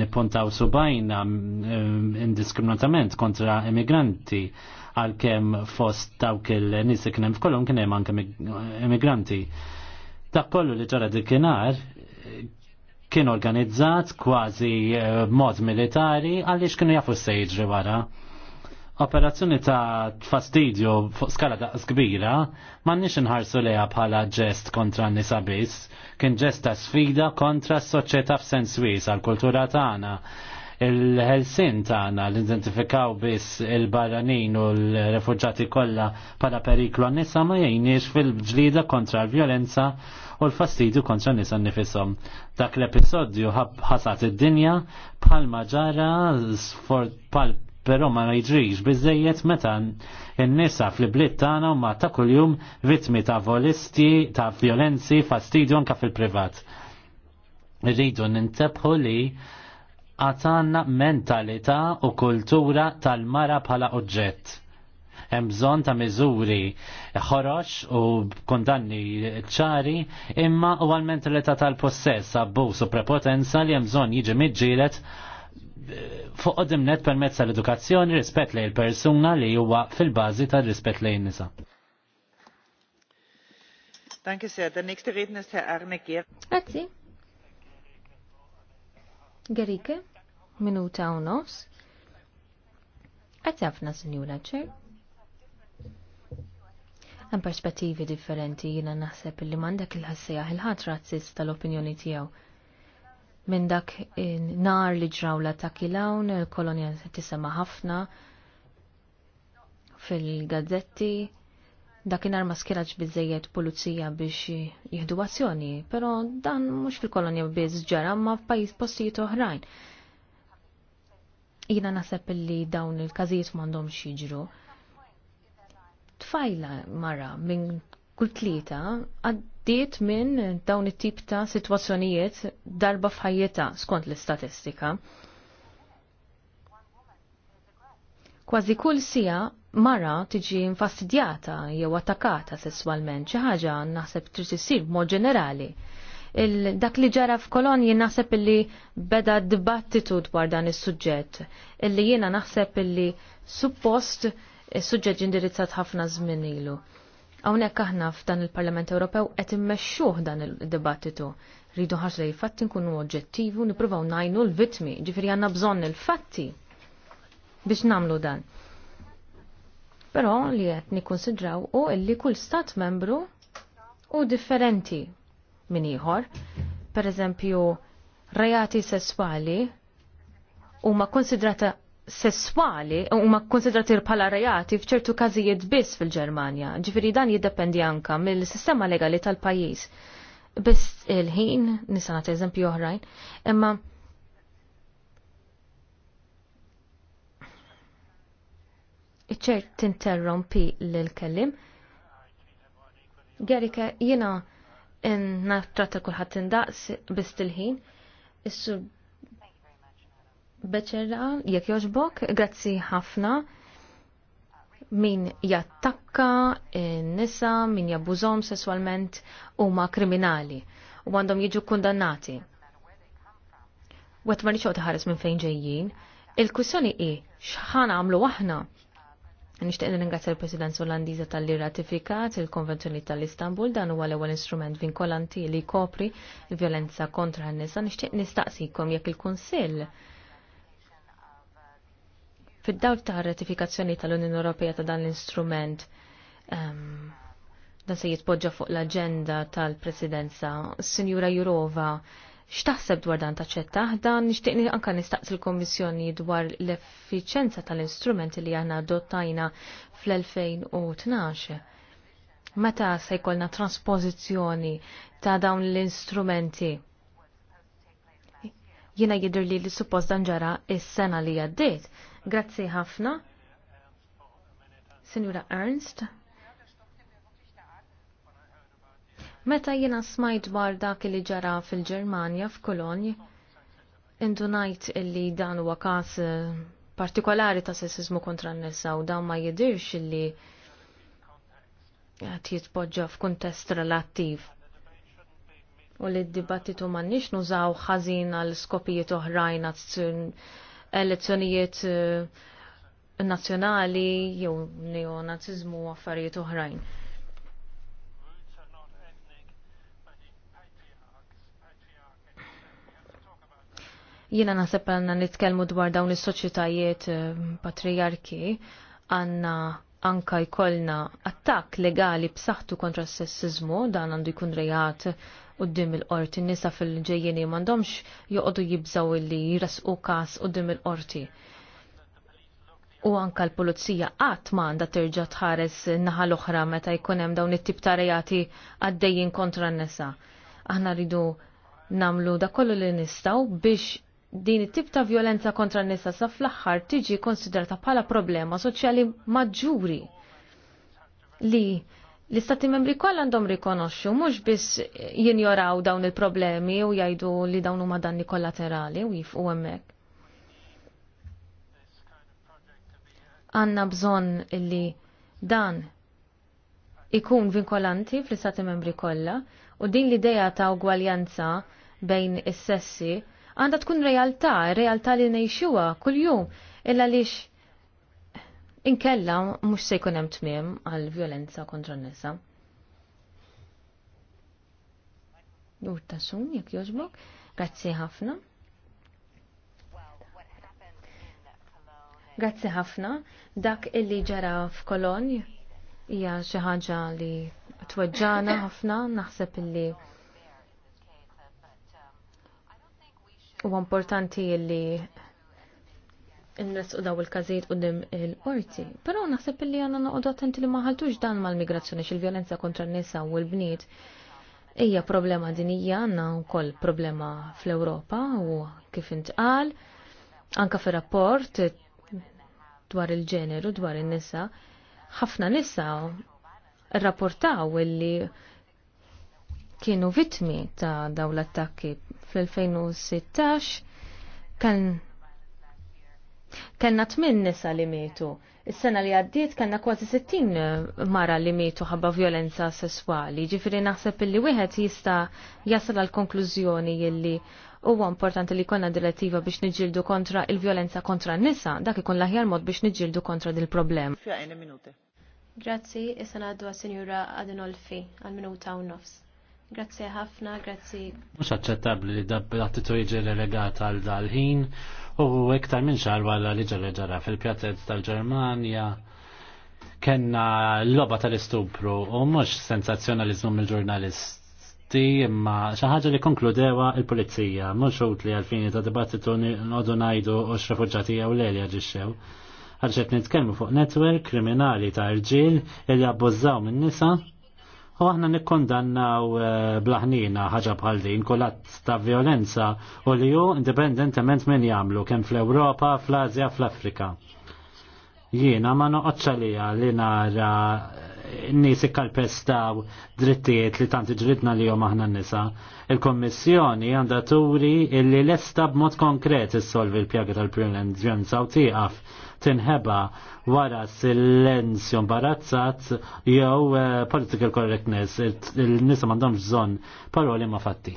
nippuntaw subajna mm, indiskriminatament kontra immigranti għal kem fost dawk il nisik kienem f'kolom hemm anke immigranti. Dak kollu li ġara dikinar kien organizzat kważi eh, mod militari għaliex kienu jafu sejġri wara. Operazzjoni ta' fastidju fuq skala daqs kbira ma nix nħarsu leja bħala ġest kontra n-nisa biss, kien ġest ta' sfida kontra s-soċjetà f'sens wies għal-kultura tagħna il-ħelsin tagħna li identifikaw biss il-barranin u l-refugġati kollha bħala periklu għan-nisa ma jgħinix fil-ġlida kontra l-vjolenza u l-fastidju kontra nisa nifisom. Dak l-episodju ħasat id-dinja bħal maġara bħal pero ma jġriġ bizzejiet meta n-nisa fl blit tagħna u ma ta' kuljum vittmi ta' volisti, ta' violenzi, fastidju anka fil-privat. Rridu nintebħu li għatanna mentalità u kultura tal-mara bħala oġġett. Hemm bżonn ta' miżuri ħoroġ u kundanni ċari imma u għal-mentalità tal-possess, abbuż u prepotenza li hemm bżonn jiġi miġġielet eh, fuq dimnet permezz tal-edukazzjoni rispett lejn il-persuna li huwa fil-bażi tar-rispett lejn nisa. Danke sehr. Der nächste Redner ist Herr Arne Gehr. Grazie. Gerike, minuta u nofs. Għazzafna, Sinjura Ċer. Għan perspettivi differenti jina naħseb li mandak il-ħassija il-ħat razzist tal-opinjoni tijaw. Minn dak nar li ġraw la il kolonja tisema ħafna fil-gazzetti, dakinhar ma skiraġ biżejjed pulizija biex jieħdu azzjoni, però dan mhux fil-kolonja biss ġara ma f'pajjiż postijiet oħrajn. Jiena naħseb li dawn il-każijiet m'għandhomx jiġru. Tfajla mara minn kull tlieta għaddiet minn dawn it-tip ta' sitwazzjonijiet darba f'ħajjeta skont l-istatistika. Kważi kull sija mara tiġi infastidjata jew attakata sesswalment xi ħaġa naħseb trid issir b'mod ġenerali. dak li ġara f'Kolonji naħseb illi beda dibattitu dwar dan is-suġġett illi jiena naħseb illi suppost is-suġġett indirizzat ħafna żmien ilu. Hawnhekk aħna f'dan il-Parlament Ewropew qed immexxuh dan id dibattitu Rridu ħaġa li fatti nkunu oġġettivi u nippruvaw ngħinu l-vittmi, ġifieri għandna bżonn il-fatti biex namlu dan però li qed nikkonsidraw u illi kull stat membru u differenti minn ieħor. Per eżempju, rejati sessuali huma konsidrata sessuali huma konsidrati bħala rejati f'ċertu każijiet biss fil-Ġermanja. Ġifieri dan jiddependi anka mill-sistema legali tal-pajjiż. Biss il-ħin, nisa nagħti eżempju oħrajn, imma iċċert tinterrompi l-kellim. Gerika, jina natrata kullħat indaqs bist il-ħin. Issu beċerra, jek joġbok, grazzi ħafna min jattakka eh, nisa, min jabbużom sessualment u ma kriminali u għandhom jiġu kundannati. Wet ma taħares minn fejn ġejjin, il-kwissjoni i x'ħana għamlu aħna Nishtiq ringrazzja l president Olandiża tal-li ratifikat il-Konvenzjoni tal-Istanbul dan huwa l-ewwel instrument vinkolanti li jkopri l-vjolenza kontra n-nisa. Nixtieq nistaqsikom jekk il-Kunsill fid-dawl ta' ratifikazzjoni tal-Unjoni Ewropea ta' dan l-instrument ehm, dan se jitpoġġa fuq l-aġenda tal-Presidenza. Sinjura Jurova, X'taħseb dwar dan taċċettaħ dan nixtieqni anke nistaqsi l-Kommissjoni dwar l-effiċenza tal-istrumenti li aħna adottajna fl-2012. Meta se jkollna transpożizzjoni ta' dawn l-istrumenti? Jiena jidher li l-suppost dan ġara is-sena li għaddiet. Grazzi ħafna. Signora Ernst. Meta jiena smajt dwar dak li ġara fil-Ġermanja f'Kolonj, indunajt illi dan huwa każ eh, partikolari ta' sessizmu kontra n-nisa u dan ma jidirx illi għat jitpoġġa f'kuntest relattiv. U li d-dibattitu ma nix nużaw ħazin għal skopijiet oħrajn elezzjonijiet eh, nazzjonali jew neonazizmu u affarijiet oħrajn. Jiena naħseb għandna nitkellmu dwar dawn is-soċjetajiet eh, patrijarki għandna anka jkollna attakk legali b'saħħtu kontra s-sessizmu dan għandu jkun rejat qoddim il-qorti nisa fil-ġejjeni m'għandhomx joqogħdu jibżaw illi jirasqu każ qoddim il-qorti. U anka l-pulizija qatt m'għandha terġa' tħares naħa l-oħra meta jkun hemm dawn it-tip ta' rejati għaddejjin kontra n-nisa. Aħna rridu namlu da kollu li nistaw biex din it-tip ta' violenza kontra n-nisa sa fl-aħħar tiġi konsiderata bħala problema soċjali maġġuri li l-istati membri koll għandhom rikonoxxu mhux biss jinjoraw dawn il-problemi u jgħidu li dawn huma danni kollaterali u jifqu hemmhekk. Għandna bżonn li dan ikun vinkolanti fl-istati membri kollha u din l-idea ta' ugwaljanza bejn is-sessi għandha tkun realtà, realtà li kull kuljum illa lix inkella mhux se jkun hemm tmiem għal violenza kontra n-nisa. Urta tasum jekk jogħġbok, grazzi ħafna. Grazzi ħafna. Dak illi ġara f'Kolonj hija xi ħaġa li twaġġana ħafna naħseb illi huwa importanti li n-nesqu daw il-kazijiet u dim il-qorti. Pero naħseb li għanna noqdu attenti li maħaltux dan mal-migrazzjoni xil-violenza kontra n-nisa u l-bniet. Ija problema dinija għanna u koll problema fl-Europa u kif intqal, anka fi rapport dwar il-ġeneru, dwar il-nisa, ħafna nisa rapportaw illi kienu vitmi ta' daw l-attakki fl-2016 kan kan natmin nisa li mitu. Is-sena li għaddiet kanna kważi 60 eh, mara li mietu ħabba violenza sessuali. Ġifiri naħseb illi wieħed jista' jasal għal konklużjoni illi huwa importanti li konna direttiva biex niġildu kontra il-violenza kontra n-nisa, dak ikun l-aħjar mod biex niġildu kontra dil problem Grazzi, issa għaddu għas-Sinjura Adinolfi għal-minuta u nofs. Grazzi ħafna, grazzi. Mux accettabli li dab-attitu jiġi relegat għal dal-ħin u iktar minn xar wara li ġara ġara fil-pjatet tal-Ġermanja kenna l-loba tal-istupru u mux sensazzjonalizmu mill ġurnalisti imma xi ħaġa li konkludewa il-pulizija, mhux utli għalfini ta' dibattitu n-għodu ngħidu u x-refuġġati jew leli jaġixxew. Għalxet nitkellmu fuq netwerk kriminali ta' irġiel li abbużaw minn nisa U aħna nikkondannaw eh, blaħnina ħaġa bħal din kolat ta' violenza u li ju indipendentement minn jagħmlu kemm fl-Ewropa, fl-Azja, fl-Afrika. Jiena ma noqgħodxalija li nara eh, n-nies ikkalpestaw drittijiet li tanti ġridna li jom aħna n-nisa. Il-Kommissjoni għandha turi illi lesta b'mod konkret issolvi l-pjaga tal-violenza u tieqaf tinħeba wara silenzju imbarazzat jew eh, political correctness. Il-nisa m'għandhomx zon paroli ma' fatti.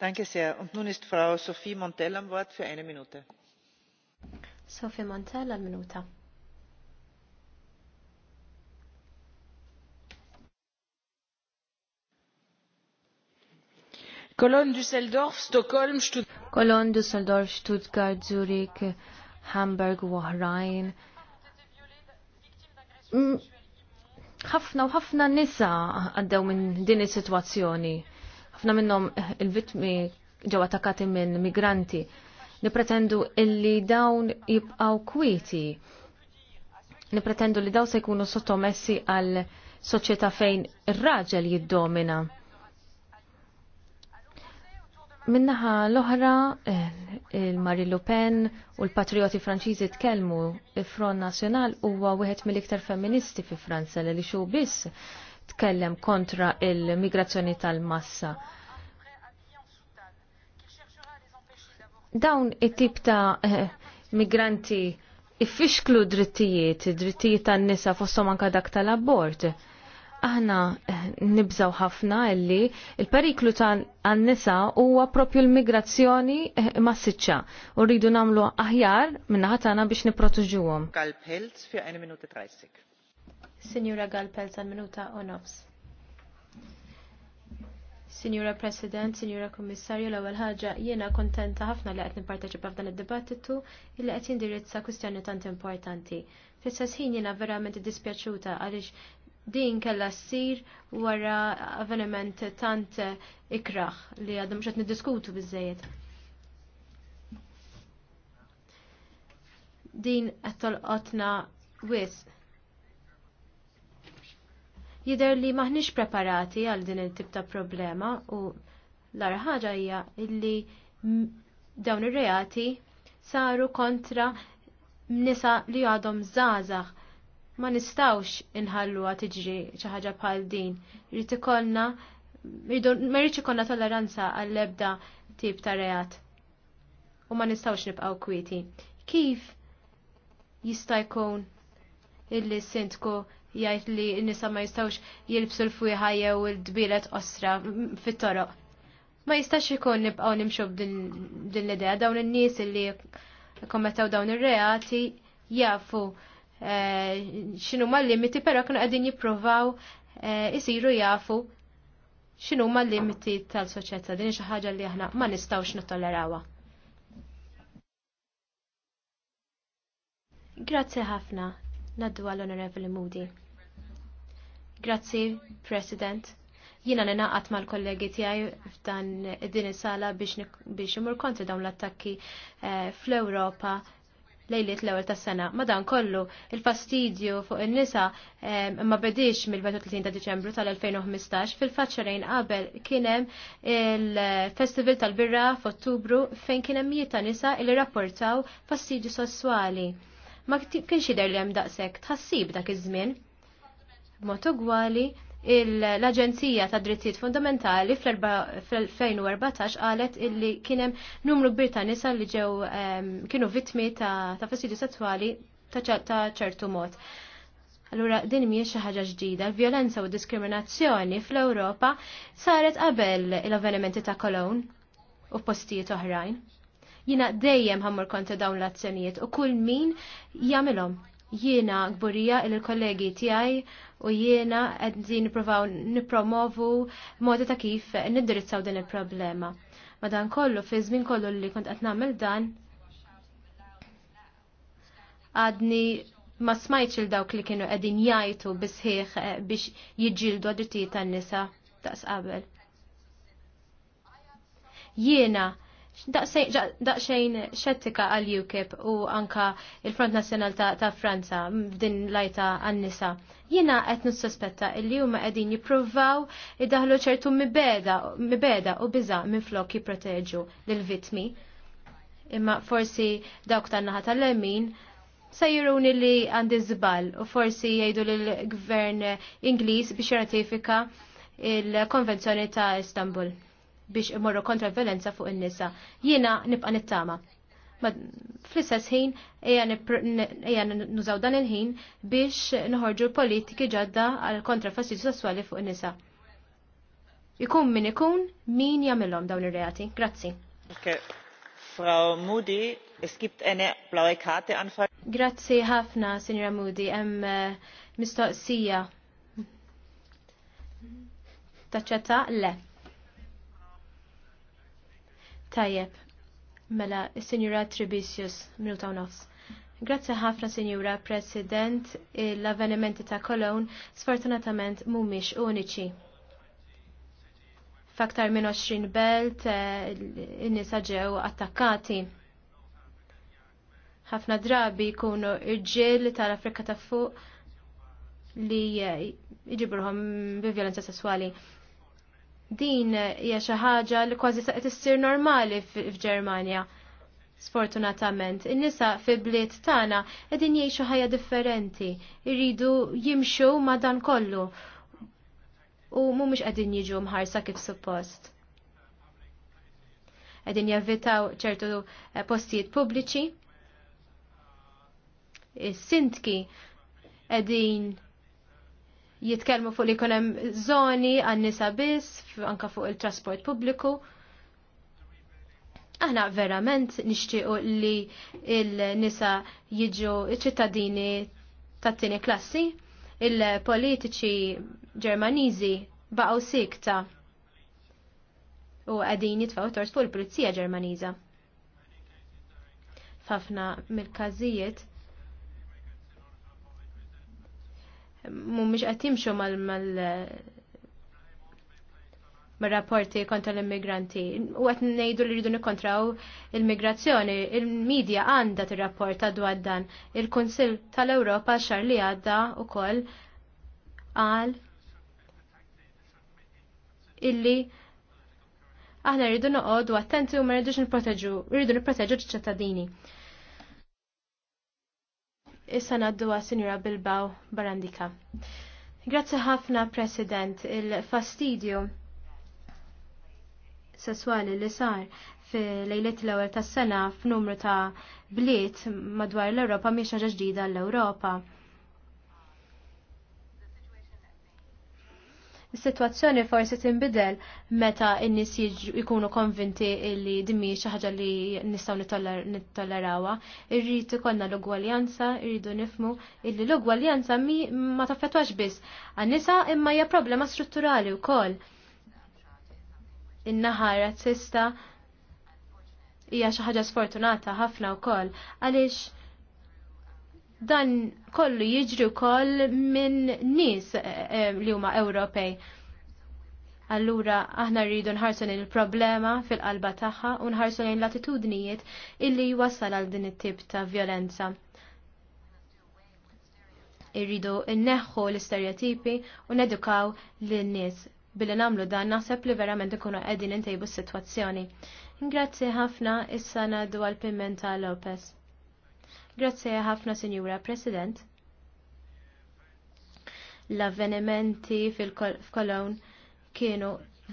Danke sehr. Und nun ist Frau Sophie Montell am Wort für eine Minute. Sophie Montell, eine Minute. Kolon Düsseldorf, Stockholm, Stuttgart. Kolon Düsseldorf, Stuttgart, Zurich. Hamburg u oħrajn. Mm, ħafna u ħafna nisa għaddew minn din is-sitwazzjoni. Ħafna minnhom il-vittmi ġew attakati minn migranti. Nipretendu illi dawn jibqgħu kwieti. Nipretendu li dawn se jkunu sottomessi għal soċjetà fejn ir-raġel jiddomina Minnaħa l-oħra, eh, il-Marie Le Pen u l-patrioti franċiżi tkellmu il-Front National huwa wieħed mill-iktar femministi fi Franza li xu biss tkellem kontra il-migrazzjoni tal-massa. Dawn it-tip ta' eh, migranti iffixklu drittijiet, drittijiet tan-nisa fosthom anka dak tal-abort aħna eh, nibżaw ħafna illi il-periklu ta' għan-nisa huwa propju l-migrazzjoni eh, massiċċa u rridu namlu aħjar minna ħatana biex niprotuġuhom. Galpelz fi 1 minuta 30. Signora Galpelz għal minuta u nofs. Signora President, Signora Kommissarju, l-ewwel ħaġa jiena kontenta ħafna li qed nipparteċipa f'dan id-dibattitu illi qed jindirizza kwistjoni tant importanti. F'issa istess ħin jiena verament dispjaċuta għaliex din kella ssir wara avveniment tant ikraħ li għadhom mxat niddiskutu biżejjed. Din qed tolqotna wis. Jider li maħniex preparati għal din il-tip ta' problema u l-ar ħaġa hija illi dawn ir-reati saru kontra nisa li għadhom zazax ma nistawx inħalluha għat xi ħaġa bħal din. Rrid ikollna ma rridx ikollna tolleranza għall-ebda tip ta' reat. U ma nistawx nibqgħu kwieti. Kif jista' jkun illi sintku jgħid li n-nisa ma jistawx jilbsu l-fwieħa jew il dbielet osra fit-toroq. Ma jistax ikun nibqgħu nimxu b'din l-idea dawn in-nies illi kommettaw dawn ir-reati jafu Eh, xinu ma limiti, pero kienu għedin jiprovaw eh, isiru jafu xinu ma limiti tal-soċieta. Din xi ħaġa li aħna ma nistawx nittolerawha. Grazzi ħafna, naddu għall-Onorevoli Moody. Grazzi, President jina ninaqat mal kollegi tijaj f'dan din sala biex imur kontri dawn l-attakki eh, fl-Europa lejliet l-ewwel tas-sena. Madan kollu il-fastidju fuq in-nisa ma bedix mill 30 ta' Diċembru tal-2015 fil-faċċerejn qabel kien hemm il-Festival tal-Birra f'Ottubru fejn kien hemm ta' nisa li rapportaw fastidju sessuali. Ma kienx jidher li hemm daqshekk tħassib dak iż-żmien. Mod ugwali l-Aġenzija ta' Drittijiet Fundamentali fl-2014 qalet illi kienem numru kbir ta' nisa li ġew kienu vittmi ta', ta fastidju sessuali ta' ċertu mod. Allura din mhijiex xi ħaġa ġdida, l-vjolenza u diskriminazzjoni fl-Ewropa saret qabel l-avvenimenti ta' Kolon u postijiet oħrajn. Jina dejjem ħammur konta dawn l-azzjonijiet u kull min jagħmilhom. Jiena gburija il-kollegi tiegħi u jiena qegħdin nippruvaw nippromovu modi ta' kif nindirizzaw din il-problema. Madan kollu, fi żmien kollu li kont qed nagħmel dan, għadni ma smajċ il dawk li kienu qegħdin jajtu bisħieħ eh, biex jiġġieldu għad-drittijiet tan-nisa daqs qabel. Jiena daqxejn xettika għal UKIP u anka il-Front Nazzjonal ta' Franza f'din lajta għannisa. Jina qed nissospetta illi huma qegħdin jippruvaw idaħlu ċertu mibeda u biża minflok jipproteġu lill-vitmi. Imma forsi dawk tan-naħa tal-lemin jiruni li għandi zbal u forsi jgħidu lill-gvern Ingliż biex ratifika il-Konvenzjoni ta' Istanbul biex imorru kontra violenza fuq in-nisa. Jiena nibqa' nittama. Fl-istess ħin ejja nużaw dan il-ħin biex nħorġu politiki ġadda għal kontra fastidju sesswali fuq in-nisa. Ikun min ikun min jagħmilhom dawn ir-reati. Grazzi. Frau Moody, es gibt eine blaue Karte Grazzi ħafna, Sinjora Moody, hemm eh, mistoqsija. Taċċetta? Le. Tajjeb, mela, Signora Tribisius, minuta u nofs. Grazzi ħafna, Signora President, l-avvenimenti ta' Kolon sfortunatament mumiex uniċi f'aktar minn 20 belt in-nisa eh, ġew attakkati. Ħafna drabi jkunu irġiel tal-Afrika ta' fuq li eh, jġibruhom bi violenza sessuali din hija xi ħaġa li kważi saqet issir normali f'Ġermanja. Sfortunatament, in-nisa fi bliet tagħna qegħdin jgħixu ħajja differenti, irridu jimxu ma' dan kollu u mhumiex qegħdin jiġu mħarsa kif suppost. Qegħdin javvitaw ċertu eh, postijiet pubbliċi, is-sintki qegħdin jitkellmu fuq li jkun hemm żoni għan-nisa biss, anke fuq il-trasport pubbliku. Aħna verament nixtiequ li il-nisa jiġu ċittadini tat-tieni klassi, il-politiċi Ġermaniżi baqgħu sikta u qegħdin jitfgħu tors fuq il-Pulizija Ġermaniża. Ħafna mill-każijiet mhumiex qed jimxu mal rapporti kontra l-immigranti. U għet nejdu li rridu nikontraw il-migrazzjoni, il-medja għanda t dwar dan Il-Konsil tal-Europa xar li għadda u koll għal illi aħna rridu noqogħdu attenti u ma rridux niproteġu, rridu ċ ċittadini. Issa naddu għas-Sinjura Bilbao Barandika. Grazzi ħafna, President, il-fastidju sesswali li sar fi lejlet l-ewwel tas-sena f'numru ta' bliet madwar l-Ewropa miex ħaġa ġdida l-Ewropa. Is-sitwazzjoni forsi tinbidel meta n-nies jkunu konvinti li dimmi xi ħaġa li nistgħu nittollerawha. Irrid ikollna l-ugwaljanza, irridu nifmu illi l-ugwaljanza ma taffetwax biss għan-nisa imma hija problema strutturali wkoll. In-naħa razzista hija xi ħaġa sfortunata ħafna wkoll għaliex Dan kollu jiġri wkoll minn nies eh, eh, li huma Ewropej. Allura aħna rridu nħarsu lejn il-problema fil-qalba tagħha u nħarsu lejn l-attitudnijiet illi jwassal għal din it-tip ta' violenza irridu nneħħu l-istereotipi u nedukaw lin nies Billi namlu dan naħseb li verament ikunu qegħdin intejbu s-sitwazzjoni. Ingrazzi ħafna issa nadu għal Pimenta Lopez. Grazie ħafna, Sinjura President. L-avvenimenti fil-Kolon kienu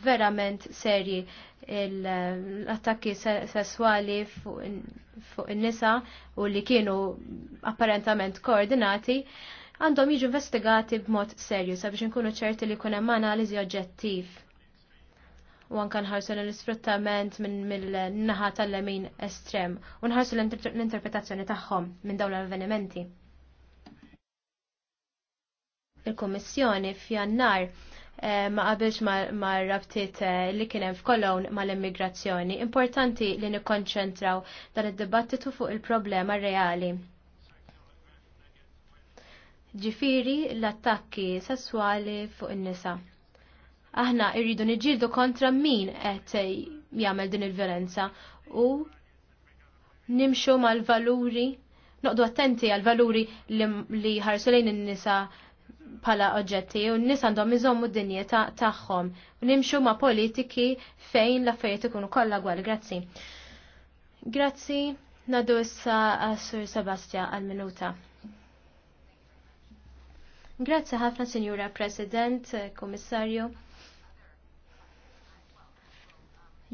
verament serji l-attakki sessuali fuq in-nisa u li kienu apparentament koordinati għandhom jiġu investigati b'mod serju sabiex inkunu ċerti li jkun hemm analiżi oġġettiv u anka nħarsu l-isfruttament minn mill-naħa tal-lemin estrem u nħarsu l-interpretazzjoni tagħhom minn dawn l-avvenimenti. Il-Kummissjoni f'Jannar eh, ma qabilx ma rabtiet eh, li kienem f'kolon ma l-immigrazzjoni. Importanti li nikkonċentraw dan id-dibattitu fuq il-problema reali. Ġifiri l-attakki sessuali fuq in-nisa. Aħna irridu niġġieldu kontra min qed jagħmel din il-violenza u nimxu mal-valuri, noqdu attenti għal-valuri li ħarsu lejn in-nisa pala oġġetti u n nisa għandhom iżommu d-dinja tagħhom. Nimxu ma' politiki fejn l-affarijiet ikunu kollha gwali. Grazzi. Grazzi, nadu issa għas-Sur Sebastia għal-minuta. Grazzi ħafna, Sinjura President, Komissarju.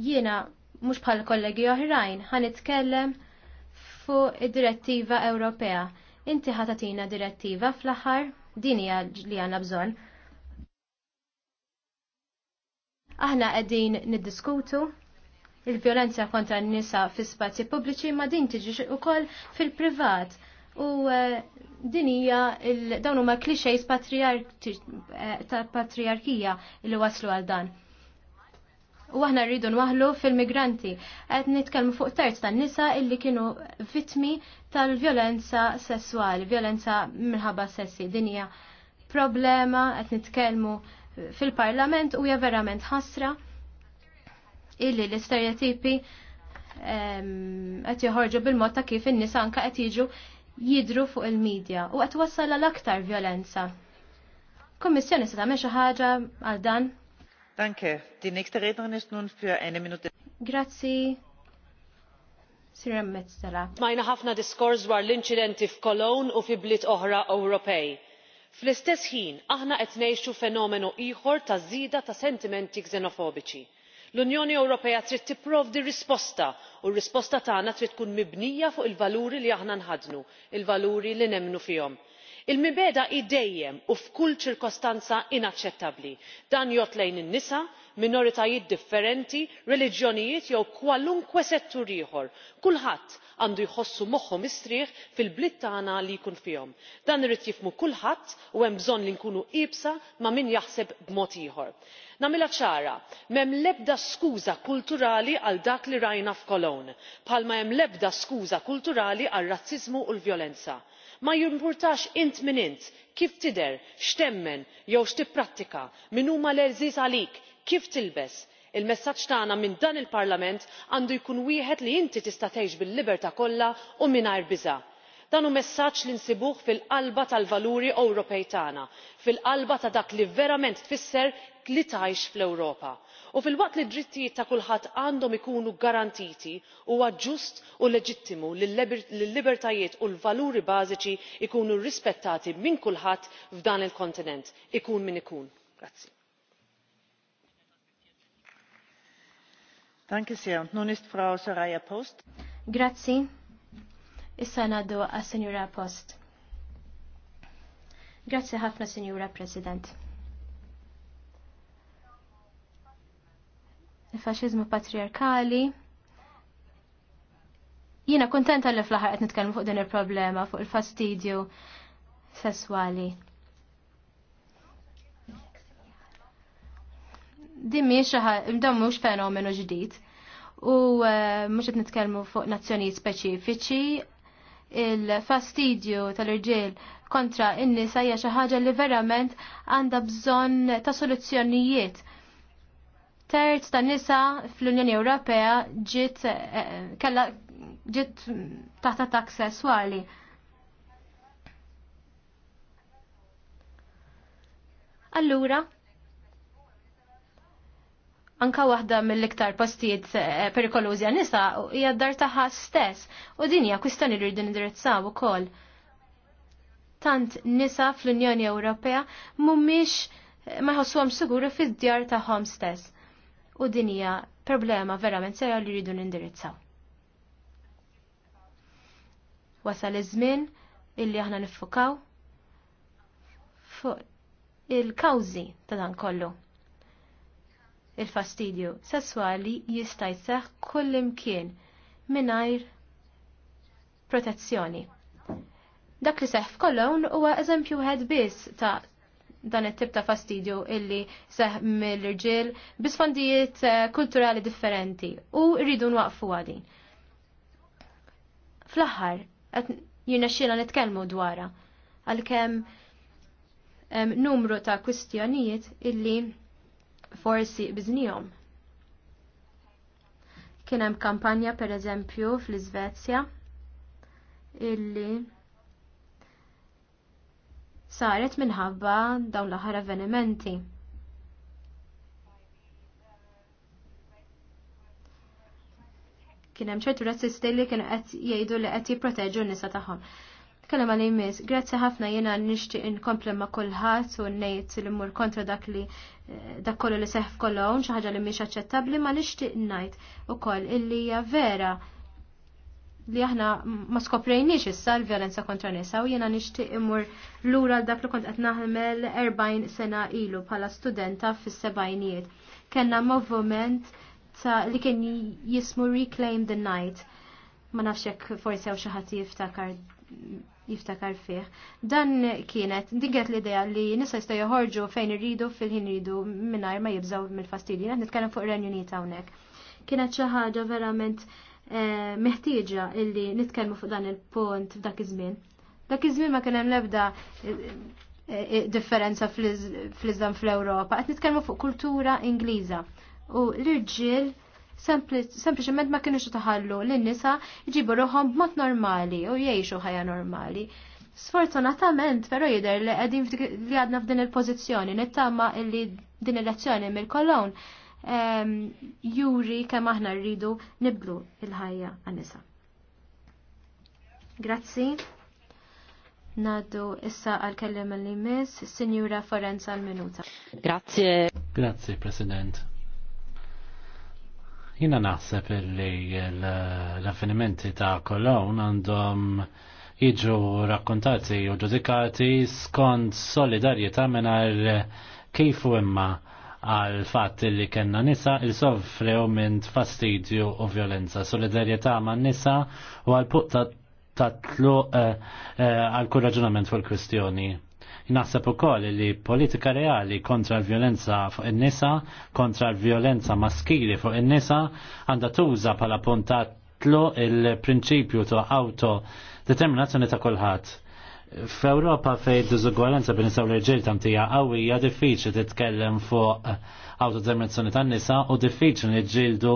Jiena mhux bħal kollegi oħrajn ħanitkellem fuq id-direttiva Ewropea. Inti ħatatina direttiva fl-aħħar din hija li għandna bżonn. Aħna qegħdin niddiskutu il-vjolenza kontra n-nisa fi spazji pubbliċi ma din tiġi ukoll fil-privat. U eh, din hija dawn huma klixejs eh, ta' patriarkija li waslu għal dan u aħna rridu nwaħlu fil-migranti. Qed nitkellmu fuq terz tan-nisa illi kienu vittmi tal-vjolenza sessuali, vjolenza minħabba sessi. Din hija problema qed nitkellmu fil-parlament u hija verament ħasra illi l-istereotipi ehm, qed joħorġu bil-mod ta' kif in-nisa anke qed jiġu jidru fuq il-medja u qed wassal l-aktar violenza. Kommissjoni se tagħmel xi ħaġa għal dan Grazzi. Sirem Metzela. Majna ħafna diskors dwar l-inċidenti f'Kolon u fi bliet oħra Ewropej. Fl-istess ħin aħna qed ngħixu fenomenu ieħor ta' żida ta' sentimenti xenofobiċi. L-Unjoni Ewropea trid tipprovdi risposta u r-risposta tagħna trid tkun mibnija fuq il-valuri li aħna nħadnu, il-valuri li nemmnu fihom il mibeda hi dejjem u f'kull ċirkostanza inaċċettabbli dan jgħod lejn in-nisa minoritajiet differenti reliġjonijiet jew kwalunkwe settur ieħor kulħadd għandu jħossu moħħu mistrieħ fil-bliet tagħna li jkun fihom. dan irid jifhmu kulħadd u hemm bżonn li nkunu qiebsa ma' min jaħseb b'mod ieħor. nagħmilha ċara m'hemm l-ebda skuża kulturali għal dak li rajna f'cologne bħalma hemm l-ebda skuża kulturali għar razziżmu u l vjolenza ma jimpurtax int minn int kif tidher x'temmen jew x'tipprattika min huma l għerżiet għalik kif tilbes il messaġġ tagħna minn dan il parlament għandu jkun wieħed li inti tista' tgħix bil libertà kollha u mingħajr biża' dan hu messaġġ li nsibuh fil qalba tal valuri ewropej tagħna fil qalba ta' dak li verament tfisser li tgħix fl-ewropa u filwaqt li d-drittijiet ta' kulħadd għandhom ikunu garantiti huwa ġust u leġittimu li l-libertajiet u l-valuri bażiċi jkunu rrispettati minn kulħadd f'dan il-kontinent ikun min ikun. Grazzi. Issa naddu għas-Senjura Post. Grazzi ħafna, Senjura President. il fasċizmu patriarkali. Jiena kontenta li fl ħar qed nitkellmu fuq din il-problema fuq il-fastidju sesswali. Dimmi xaħ, dan mhux fenomenu ġdid u eh, mhux qed nitkellmu fuq nazzjonijiet speċifiċi il-fastidju tal-irġiel kontra in-nisa hija xi ħaġa li verament għandha bżonn ta' soluzzjonijiet. Terz ta' nisa fl-Unjoni Ewropea ġiet eh, kella ġiet taħt attak sesswali. Allura, Anka waħda mill-iktar postijiet eh, perikolużi għal nisa hija d-dar tagħha stess u din hija kwistjoni li rridu nindirizzaw ukoll. Tant nisa fl-Unjoni Ewropea mhumiex eh, ma jħossuhom siguri fid-djar tagħhom stess. U din hija problema verament serja li rridu nindirizzaw. Wasal iż-żmien illi aħna niffukaw fuq il-kawżi ta' dan kollu. Il-fastidju sesswali jista' jseħħ kull imkien mingħajr protezzjoni. Dak li seħħ f'Kolown huwa eżempju wieħed biss ta' dan it-tip ta' fastidju illi seħ mill-irġiel bisfandijiet eh, kulturali differenti u rridu nwaqfu għadin. Fl-aħħar, jirna xina nitkellmu dwara, għalkemm numru ta' kwistjonijiet illi forsi biznijom. Kien hemm kampanja per eżempju fl-Iżvezja illi saret minħabba dawn l-aħħar avvenimenti. Kien hemm ċertu razzisti li kienu qed jgħidu li qed jipproteġu n-nisa tagħhom. Kellem għal jmiss, grazzi ħafna jena nishtiq inkomplem ma' kullħat u nejt li mmur kontra dak li eh, dak kollu li seħf kollon, xi ħaġa li mhix aċċettabbli ma nixtieq ngħid ukoll illi hija vera li aħna ma skoprejniex issa l-violenza kontra nisa u jena nixtieq imur lura dak li kont qed naħmel 40 sena ilu bħala studenta fis sebajnijiet Kenna movement ta' li kien jismu Reclaim the Night. Ma nafx jekk forsi hawn xi ħadd jiftakar jiftakar fih. Dan kienet, dinget l-ideja li nisa jistaw joħorġu fejn irridu fil-ħin irridu minnajr ma jibżaw mill fastidi Għet nitkellem fuq Renjunita hawnhekk. Kienet xi ħaġa verament eh, meħtieġa illi nitkellmu fuq dan il punt f'dak iż-żmien. Dak iż-żmien ma kien hemm l-ebda eh, eh, differenza fl-iżdan fl-Ewropa. Qed nitkellmu fuq kultura Ingliża. U l-irġiel sempliċement ma kienu taħallu l-nisa jġibu ruħom b'mod normali u jgħixu ħajja normali. Sfortunatament, però jider li għedin li għadna f'din il-pozizjoni, nittama illi din il-lezzjoni mill-kolon ehm, juri kemm aħna rridu niblu il-ħajja għanisa. Grazzi. Naddu issa għal-kellem l-imis, Signora Forenza l-minuta. Grazie. Grazie, President. Jina naħseb li l-avvenimenti ta' Kolon għandhom jiġu rakkontati u ġudikati skont solidarjetà mingħajr kif u imma għal fatt li kena nisa il u minn fastidju u violenza. Solidarjetà ma' nisa u għal ta' tatlu eh, eh, għal uh, raġunament fuq il-kwistjoni. Naħseb ukoll li politika reali kontra l-vjolenza fuq in-nisa, kontra l-vjolenza maskili fuq in-nisa għandha tuża bħala puntatlu il-prinċipju ta' auto determinazzjoni ta' kulħadd F'Ewropa fej diżugwalenza bejn isaw l-irġiel tamtija qawwija diffiċli titkellem fuq autodeterminazzjoni tan-nisa u diffiċli niġġieldu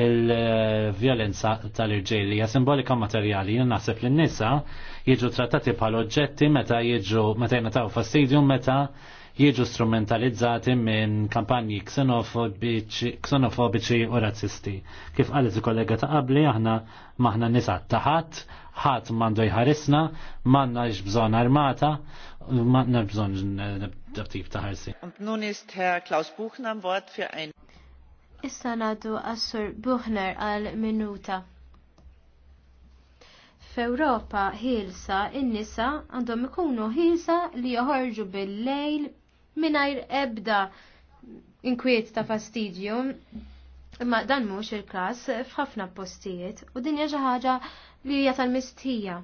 il-vjolenza tal-irġiel hija simbolika materjali. Jien naħseb li n-nisa jiġu trattati bħal oġġetti meta jiġu meta jingħataw fastidju meta jieġu strumentalizzati minn kampanji ksenofobiċi u razzisti. Kif qalet il-kollega ta' qabli, aħna maħna nisa taħat, ħadd m'għandu jħarisna, m'għandnax bżonn armata, manna bżonn tip ta' ħarsi. Nun ist Herr Klaus Buchner am Wort für ein Issa nadu għassur Buchner għal minuta. F'Ewropa ħilsa in-nisa għandhom ikunu ħilsa li joħorġu bil-lejl mingħajr ebda inkwiet ta' fastidju. Imma dan mhux il-każ f'ħafna postijiet u din hija xi ħaġa li hija tal-mistija.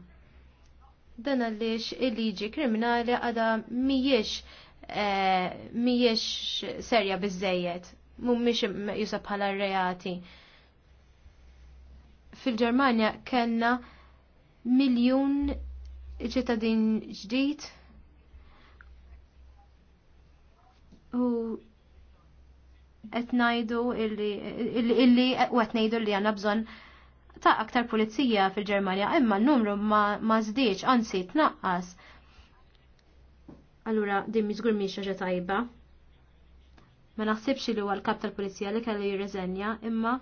Dan għaliex il-liġi kriminali għada mijiex eh, mijiex serja biżejjed, mhumiex jusab bħala reati. Fil-Ġermanja kellna miljun ċittadin ġdid u qed ngħidu illi u qed ngħidu li għandna bżonn ta' aktar pulizija fil-Ġermanja, imma n-numru ma għansi anzi tnaqqas. Allura dimmi zgur mi xaġa tajba. Ma naħsibx li huwa l-kap tal-pulizija li kellu jirreżenja, imma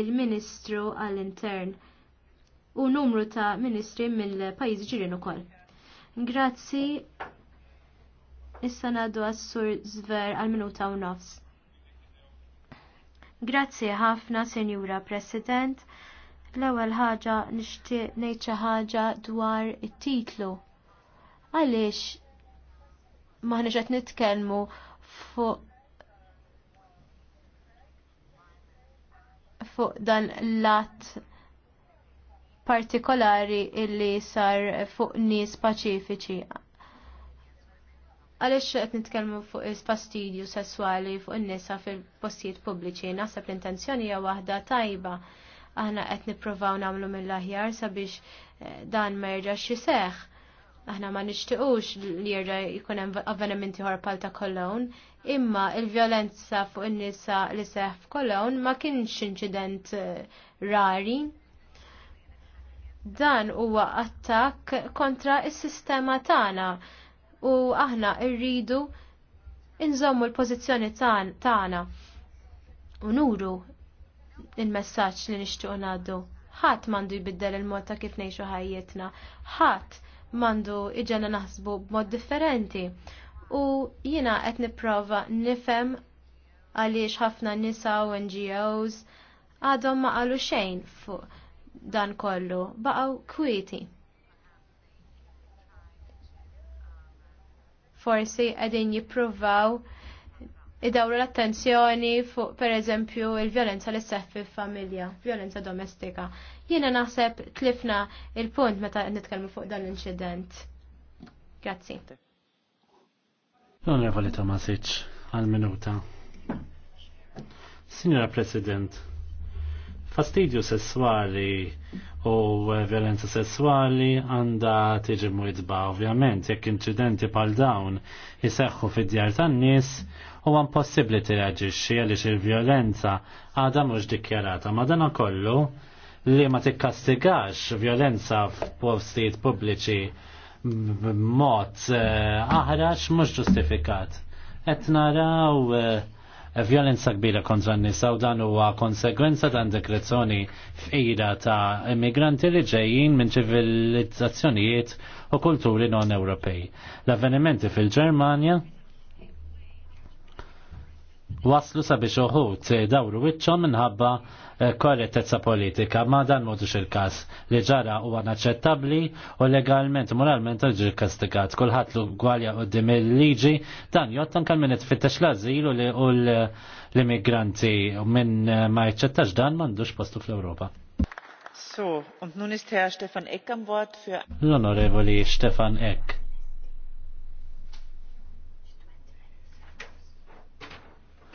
il-Ministru għall-Intern u numru ta' ministri mill pajjiżi ġirien ukoll. Grazzi. Issa ngħaddu għas-sur Zver għal-minuta u nofs. Grazzi ħafna, Senjura President. L-ewwel ħaġa nixtieq ngħid xi ħaġa dwar it-titlu. Għaliex maħniex qed nitkellmu fuq fuq dan l-att partikolari illi sar fuq nies paċifiċi. Għalix qed nitkellmu fuq is-fastidju sessuali fuq in-nisa fil-postijiet pubbliċi, naħseb l-intenzjoni hija waħda tajba aħna qed nippruvaw nagħmlu mill-aħjar sabiex eh, dan ma jerġax jiseħħ. Aħna ma nixtiequx li jerġa' jkun hemm avvenimenti ħor pal ta' Cologne, imma il-vjolenza fuq in-nisa li seħħ f'Cologne ma kienx inċident eh, rari. Dan huwa attakk kontra is-sistema tagħna u aħna rridu inżommu l-pożizzjoni tagħna u nuru il-messaġġ li nixtiequ ngħaddu. Ħadd m'għandu jbiddel il-mod ta' kif ngħixu ħajjitna. Ħadd m'għandu iġena naħsbu b'mod differenti. U jiena qed nipprova nifhem għaliex ħafna nisa u NGOs għadhom ma qalu xejn fuq dan kollu, baqgħu kwieti. Forsi qegħdin jippruvaw idawru l-attenzjoni fuq per eżempju il-violenza li seħ fi familja violenza domestika. Jiena naħseb tlifna il-punt meta nitkellmu fuq dan l-inċident. Grazzi. L-Onorevoli Tomasic, għal-minuta. Signora President, fastidju sessuali u violenza sessuali għanda tiġi mwidba, ovvjament, jekk inċidenti pal dawn jiseħħu fid-djar tan-nies u għan possibli tirraġiċi għalix il-violenza għada mux dikjarata. Ma dan kollu li ma tikkastigax violenza f'postijiet pubbliċi b'mod eh, aħrax mux ġustifikat. Etna naraw eh, violenza kbira kontra n-nisa u dan huwa konsegwenza ta' dekrezzjoni f'ira ta' immigranti li ġejjin minn ċivilizzazzjonijiet u kulturi non Ewropej. L-avvenimenti fil-Ġermanja waslu sabiex uħut dawru wiċċhom minħabba eh, korrettezza politika, ma dan modux il-kas li ġara u aċċettabli u legalment u moralment ġi kastigat. Kulħadd l gwalja u il-liġi dan jottan kal minnet fittax l-azil u l-immigranti u minn eh, ma jċettax dan mandux postu fl-Europa. So, und nun ist Herr Stefan Eck am Wort für... L'onorevoli Stefan Eck.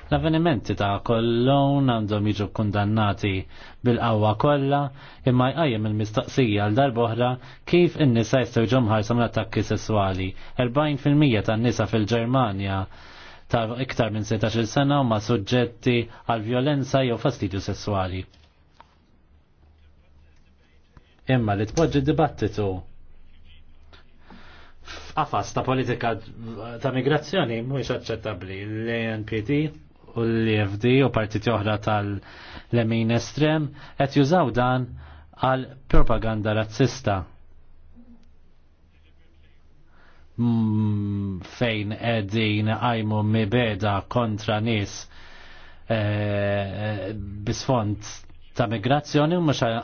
L-avvenimenti ta' kollon għandhom jiġu kundannati bil-qawwa kollha imma jqajjem il-mistaqsija għal darboħra kif in-nisa jistgħu ġomħar sa attakki sesswali. 40% tan-nisa fil-Ġermanja ta' iktar minn 16 sena huma suġġetti għal violenza jew fastidju sesswali. Imma li tpoġġi dibattitu f'qafas ta' politika ta' migrazzjoni mhuwiex aċċettabbli l-NPT u l-IFD u partiti oħra tal-lemin estrem qed jużaw dan għal propaganda razzista. Mm, fejn qegħdin għajmu mibeda kontra nies e, eh, eh, bisfont ta' migrazzjoni u mux eh,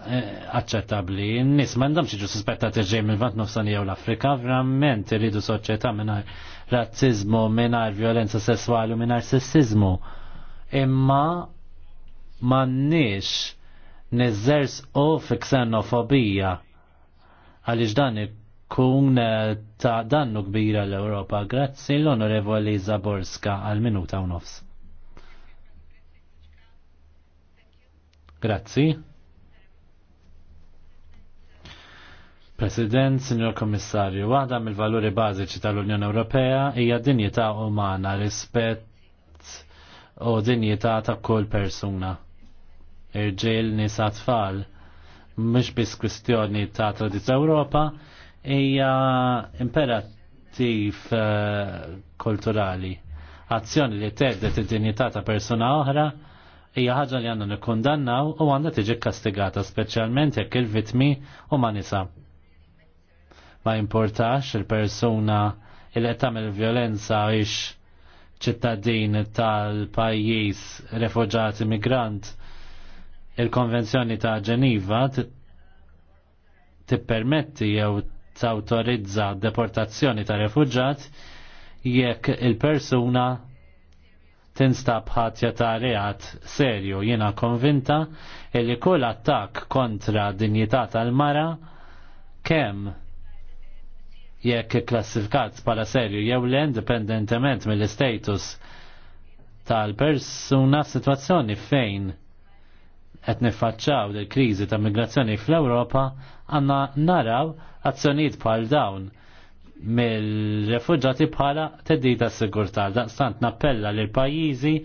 aċċettabli. Nis mandom xieġu suspettati ġej minn vant nofsan jew l-Afrika, verament irridu soċieta mingħajr razzizmu, mingħajr violenza sessuali u mingħajr sessizmu imma mannix nizzers u fi ksenofobija għalix dan ikun eh, ta' dannu kbira l-Europa. Grazzi l-Onorevoli Zaborska għal-minuta u nofs. Grazzi. President, Signor Kommissarju, waħda mill-valuri bażiċi tal-Unjoni Ewropea hija dinjità umana rispett u dinjità ta' kull persuna. Irġiel nisa tfal, mux biss kwistjoni ta' tradizja Ewropa, hija imperativ eh, kulturali. Azzjoni li tedet id-dinjità ta' persuna oħra hija ħaġa li għandna nikkundannaw u għandha tiġi kastigata speċjalment jekk il-vitmi u ma nisa. Ma importax il-persuna il qed tagħmel violenza għiex ċittadin tal-pajjiż refuġat migrant, il-Konvenzjoni ta' Ġeniva tippermetti jew tawtorizza deportazzjoni ta' refuġat jekk il-persuna tinstab ħatja ta' reat serju jiena konvinta li kull attakk kontra dinjità tal-mara kemm jekk klassifikat bħala serju jew le independentement mill-status tal-persuna f'sitwazzjoni fejn qed niffaċċaw il kriżi ta' migrazzjoni fl-Ewropa għandna naraw azzjonijiet bħal dawn mill-refugġati bħala teddida sigurtà daqstant nappella lil pajjiżi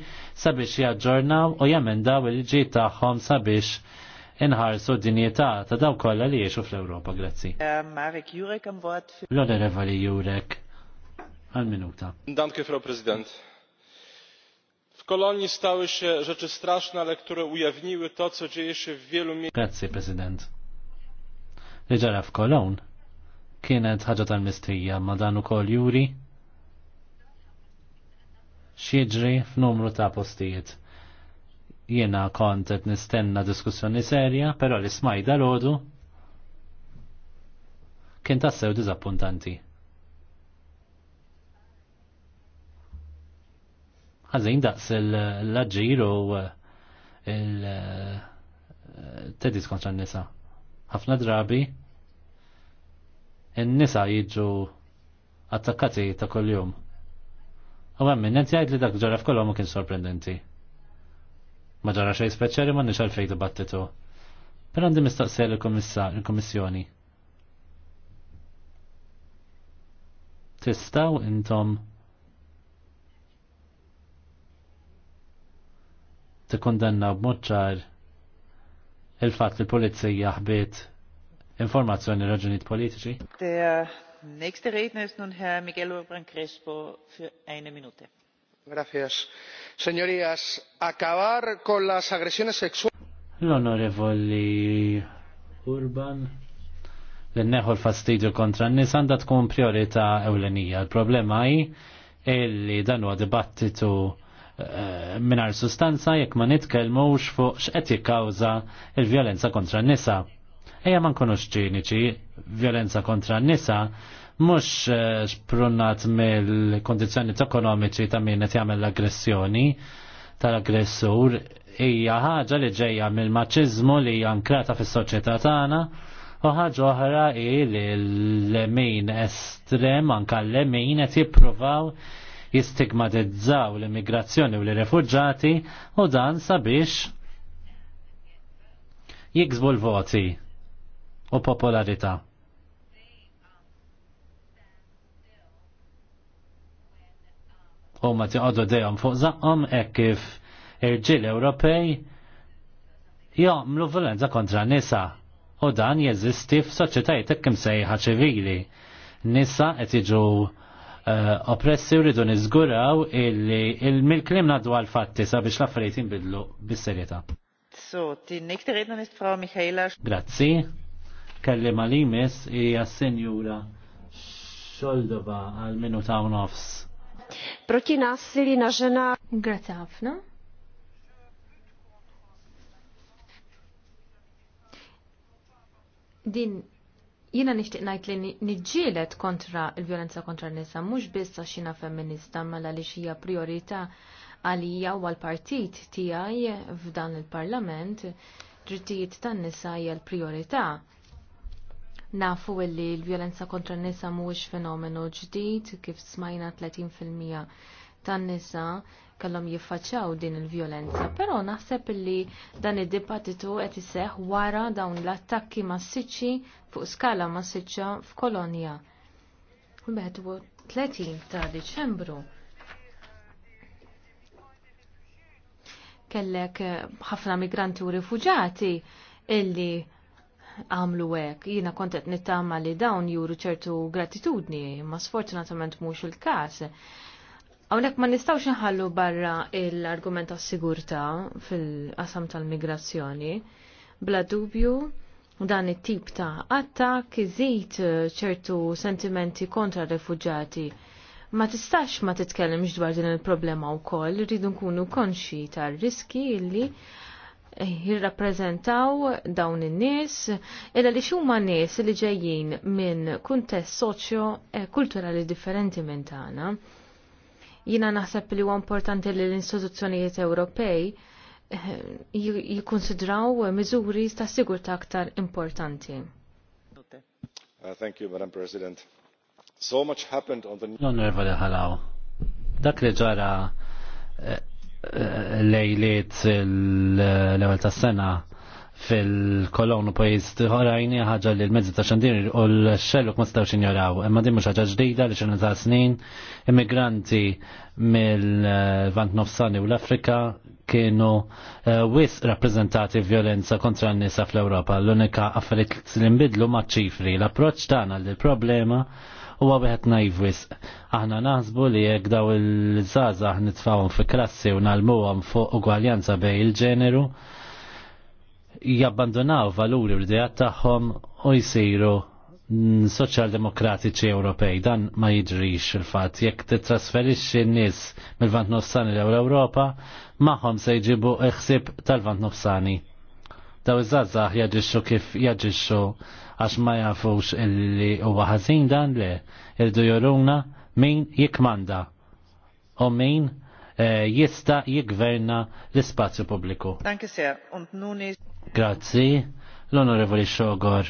sabiex jaġġornaw u jemendaw il-ġid tagħhom sabiex inħarsu dinjità ta' daw kolla li jiexu fl europa grazzi. Eh, Marek Jurek am vot. L-Onorevoli Jurek, għal-minuta. Danke, fru prezident. W Kolonii stały się rzeczy straszne, ale które ujawniły to, co dzieje się w wielu miejscach. Grazie, Prezydent. Li w kolon. kienet ħaġa tal-mistija ma dan ukoll juri xieġri f'numru ta' postijiet Jiena kont qed nistenna diskussjoni serja, però li smajda l kien tassew diżappuntanti. Ħażin daqs l-aġġir u il-tedis eh, kontra n-nisa. ħafna drabi n-nisa jiġu attakkati ta' kol-jum. U għemmin, n-tjajt li dak ġara f'kollom u kien sorprendenti. Ma ġara xej speċjali ma nix għalfej dibattitu. Per għandi mistaqsija l-Komissjoni. Tistaw intom tikkondanna b'moċċar il-fatt li l-Polizija ħbiet informazzjoni raġunijiet politiċi? Der nächste Redner ist nun Herr Miguel Urban Crespo für eine Minute. Gracias. Señorías, acabar con las agresiones sexuales. L-onorevoli Urban, l-neħu l-fastidju kontra n-nis għanda tkun priorita ewlenija. l problema hi illi dan huwa dibattitu eh, minar sustanza jekk ma nitkellmux fuq x'qed jikkawża il-vjolenza kontra n-nisa. Ejja ma nkunux ċiniċi, violenza kontra n-nisa mhux eh, sprunat mill-kondizzjoni ekonomiċi ta' min qed jagħmel l-aggressjoni tal-aggressur hija ħaġa li ġejja mill-maċiżmu li hija nkrata fis-soċjetà tagħna u ħaġa oħra i li l emin estrem anke l emin qed jippruvaw jistigmatizzaw l-immigrazzjoni u l-refugġati u dan sabiex jiksbu l-voti u popolarità. u ma tiqadu dejjem fuq zaqqom hekk kif irġiel Ewropej jagħmlu violenza kontra nisa u dan jeżisti f'soċjetajiet hekk imsejħa ċivili. Nisa qed jiġu eh, oppressi u rridu niżguraw illi il milklim klim għal-fatti sabiex l-affarijiet jinbidlu bis-serjetà. So, tinnik tiridu nistfraw Michaela. Grazzi. Kelli mal-imis hija senjura Xoldova għal-minuta u nofs proti násilí na žena. Grazie ħafna. Din jina nishtiq najt li nġielet kontra il-violenza kontra n-nisa, mux biss għax femminista, mela li xija priorita għalija u għal-partit tijaj f'dan il-parlament, drittijiet tan-nisa hija l-priorità Nafu illi l-violenza kontra n-nisa mhuwiex fenomenu ġdid kif smajna 30% tan-nisa kellhom jiffaċċjaw din il-vjolenza, però naħseb illi dan id-dibattitu qed iseħħ wara dawn l-attakki massiċċi fuq skala massiċċa f'Kolonja. U 30 ta' Diċembru. Kellek ħafna migranti u rifuġati illi għamlu hekk. Jiena kont qed nittama li dawn juru ċertu gratitudni, ma sfortunatament mhux il-każ. Hawnhekk ma nistgħux inħallu barra l-argument tas-sigurtà fil-qasam tal-migrazzjoni. Bla dubju, dan it-tip ta' attak iżid ċertu sentimenti kontra r Ma tistax ma titkellimx dwar din il-problema wkoll, rridu nkunu konxi tar-riski illi jirrappreżentaw dawn in-nies illa li xumma nies li ġejjin minn kuntest soċjo eh, kulturali differenti minn tagħna. Jiena naħseb li huwa importanti li l-istituzzjonijiet Ewropej eh, jikkonsidraw miżuri ta' sigurta aktar importanti. Uh, thank you, Madam President. So much happened on the... Non ħalaw. Dak li ġara eh, lejliet l-ewel ta' sena fil kolonu u pajis ħorajni ħagġa li l-mezzi ta' xandir u l-xelluk ma stawx ignoraw. Imma dimmu ħagġa ġdida li xena ta' snin immigranti mill-Vant Nofsani u l-Afrika kienu eh, wis rappresentati violenza kontra n-nisa fl-Europa. L-unika affarijiet li nbidlu ma' ċifri. L-approċ tagħna l-problema u wieħed najvis. Aħna naħsbu li jekk daw il-żgħażagħ nitfawum fi klassi u nalmuwam fuq ugwaljanza bej il-ġeneru, jabbandonaw valuri u l-idejat tagħhom u jsiru soċjaldemokratiċi Ewropej. Dan ma jiġrix il-fatt jekk titrasferixxi n-nies mill-Vant Nofsani l-Ewropa, magħhom se jġibu iħsib tal-Vant Nofsani. Daw iż-żgħażagħ jaġixxu kif jaġixxu għax ma jafux illi u għazin dan le il-du joruna min jikmanda u min eh, jista jikverna l spazju publiku. Danke sehr und nun Grazzi, l-Onorevoli Xogor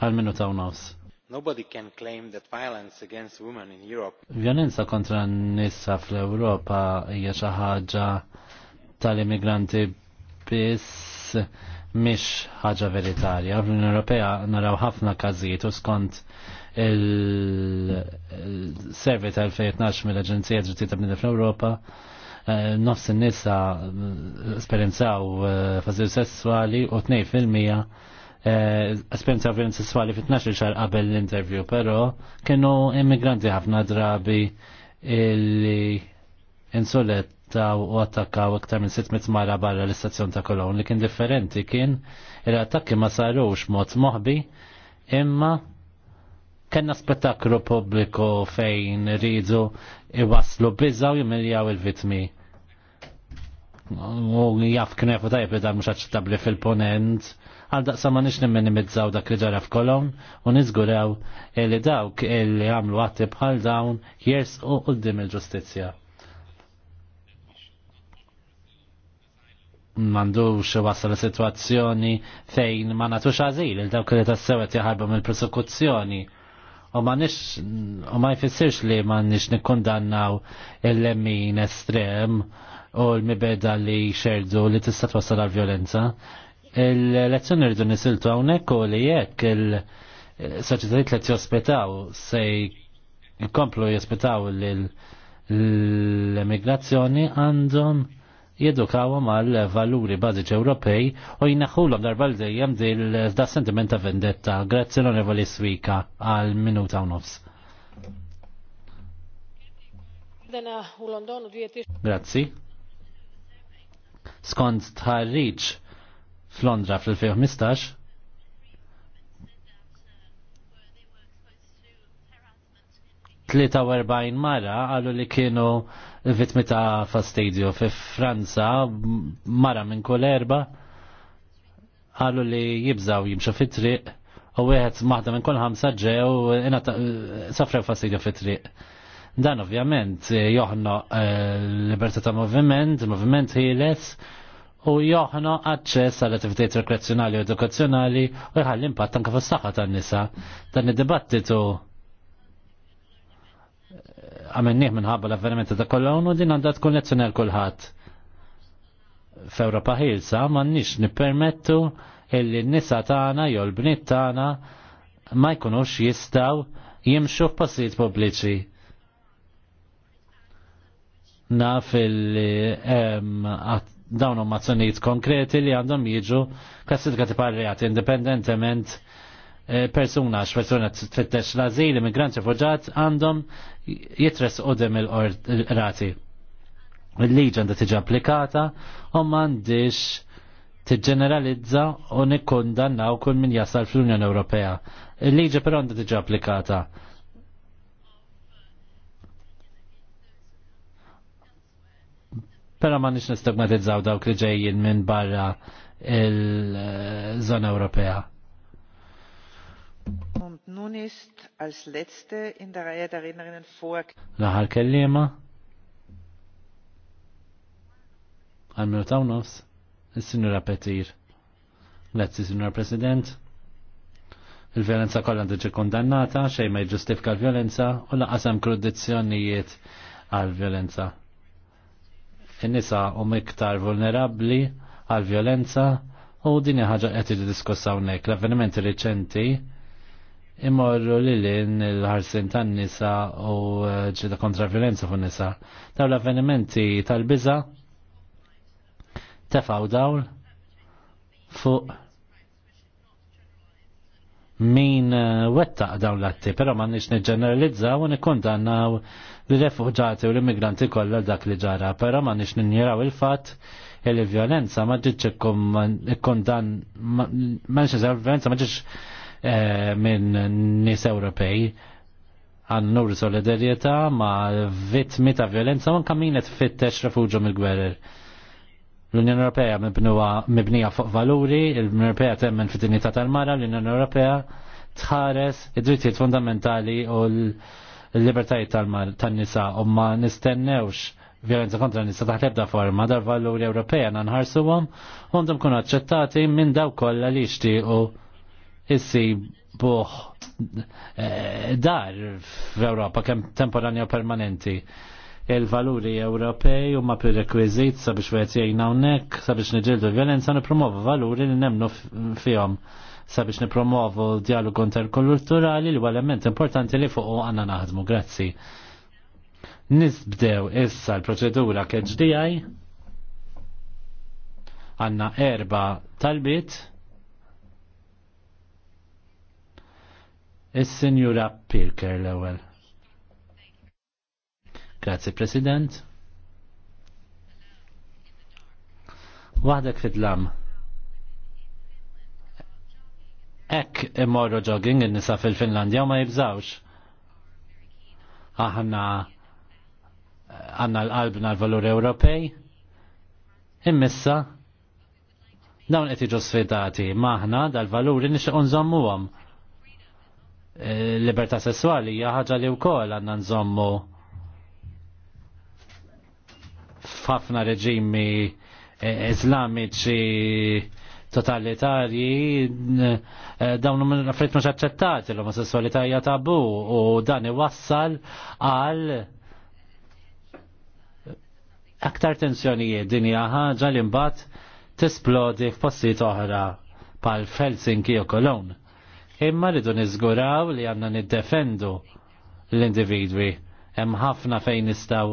għal minuta u nofs. Nobody can claim that violence against women in Europe. Violenza kontra nissa fl-Europa hija xi ħaġa tal-immigranti biss mish ħaġa veritarja. Fl-Unjoni Ewropea naraw ħafna każijiet u skont il-servi tal-2012 mill-Aġenzija Ġuttita Bnida fl-Ewropa eh, nofs in-nisa eh, esperjenzaw eh, fażil sessuali u 2% esperienza violenza sessuali fit-12 xar qabel l-intervju, pero kienu immigranti ħafna drabi illi insulet arrestaw u attakkaw iktar minn 600 mara barra l-istazzjon ta' Kolon li kien differenti kien il-attakki ma sarux mod moħbi imma kena spettaklu pubbliku fejn rridu iwaslu bizzaw jimiljaw il-vitmi. U jaf knefu tajb li dan mux aċċettabli fil-ponent għal daqsa ma nix nimminimizzaw dak li ġara f'kolon u nizguraw li dawk li għamlu għatti bħal dawn jers u qoddim il-ġustizja. mandux wasal situazzjoni fejn ma natux għazil il-dawk li tassewet jaħarbu mill persekuzzjoni U ma nix, u ma jfissirx li ma nix nikkondannaw il-lemmin estrem u l-mibeda li xerdu li tista' twassal għal-violenza. Il-lezzjoni rridu nisiltu hawnhekk u li jekk il-soċjetajiet li jospitaw se jkomplu jospitaw l-immigrazzjoni għandhom jedukawhom għal valuri bażiċi Ewropej u jinaħħulhom darba l dejjem dil da sentimenta vendetta. Grazzi l-Onorevoli Swika għal minuta u nofs. Grazzi. Skont tħarriċ f'Londra fl-2015, Tlieta 43 mara għallu li kienu vittmi ta' fastidju. Fi Franza mara minn kull erba għallu li jibżaw jimxu fit-triq u wieħed maħda minn kull ħamsa ġew safrew fastidju fit-triq. Dan ovvjament joħno eh, libertà ta' moviment, il-moviment ħieles u joħno aċċess għal attivitajiet rekreazzjonali u edukazzjonali u jħall impatt anke fis-saħħa tan-nisa. Dan id-dibattitu għamenniħ minnħabba l-avvenimenti ta' kollawn u din għandha tkun lezzjoni għal kulħadd. F'Ewropa ħilsa m'għandniex nippermettu illi n-nisa tagħna jew l-bniet tagħna ma jkunux jistgħu jimxu f'passijiet pubbliċi. Naf il dawn huma azzjonijiet konkreti li għandhom jiġu klassifikati parrijat indipendentement Eh, persuna x persuna tfittex l-azil, immigrant, fuġat, għandhom jitres dem il-rati. Il-liġi għandha tiġi applikata u m'għandix tiġġeneralizza u nikkundannaw kull min jasal fl-Unjoni Ewropea. Il-liġi però għandha tiġi applikata. Però ma nix nistigmatizzaw dawk li ġejjin minn barra il-żona eh, Ewropea Und nun ist als letzte in der Reihe der Rednerinnen vor. Laħar kellima. Għamil taw nofs. Is-sinjura Petir. Grazzi, sinjura President. Il-violenza kollha diġi kondannata, xejn ma jġustifika l-violenza u laqas hemm krudizzjonijiet għal-violenza. In-nisa hum iktar vulnerabbli għal-violenza u din ħaġa qed diskussawnek l-avvenimenti riċenti imorru li l-in il-ħarsin tan nisa u eh, ġeda kontra violenza fu nisa. Daw l-avvenimenti tal-biza tefaw dawl fuq min eh, wettaq dawn l-atti, pero ma nix nġeneralizza u nikondannaw l-refugġati u l-immigranti kollha dak li ġara, pero ma nix ninjeraw il-fat il-violenza ma ġiġ ikkondan, ma nix il-violenza ma ġiġ Eh, minn nis Ewropej għan nur solidarieta ma vittmi ta' violenza man kaminet fittex refugio mill-gwerer. L-Unjoni Ewropea mibnija fuq valuri, l-Unjoni Ewropea temmen fit-dinjità tal-mara, l-Unjoni Ewropea tħares id-drittijiet fundamentali u l-libertajiet tal-nisa u ma nistennewx violenza kontra nisa taħt ebda forma dar valuri Ewropea nanħarsuhom u għandhom kunu aċċettati minn daw kollha li jixtiequ buħ eh, dar f'Ewropa kemm temporanja permanenti. Il-valuri Ewropej huma prerequisit sabiex wieħed jgħinna hawnhekk sabiex niġildu violenza nippromovu valuri li nemmnu fihom sabiex nippromovu dialogu interkulturali li huwa element importanti li fuq għandna naħdmu. Grazzi. Nisbdew issa l-proċedura KHDI għanna erba talbit Is-Sinjura Pirker l-ewwel. Grazzi President. Waħdek fidlam. Ek imorru jogging in-nisa fil-Finlandja u ma jibżawx. Aħna għanna l-qalbna l-valur Ewropej. Immissa, dawn qed jiġu sfidati maħna dal-valuri nixtieq nżommuhom. Eh, libertà sessuali hija ħaġa li wkoll għandna nżommu f'ħafna reġimi eh, iżlamiċi totalitarji eh, dawn minn affarijiet mhux aċċettati l-omosessualità hija tabu u dan iwassal għal aktar tensjonijiet din hija ħaġa li mbagħad tisplodi f'postijiet oħra pal Felsinki u Cologne imma rridu niżguraw li għandna niddefendu l-individwi. Hemm ħafna fejn nistgħu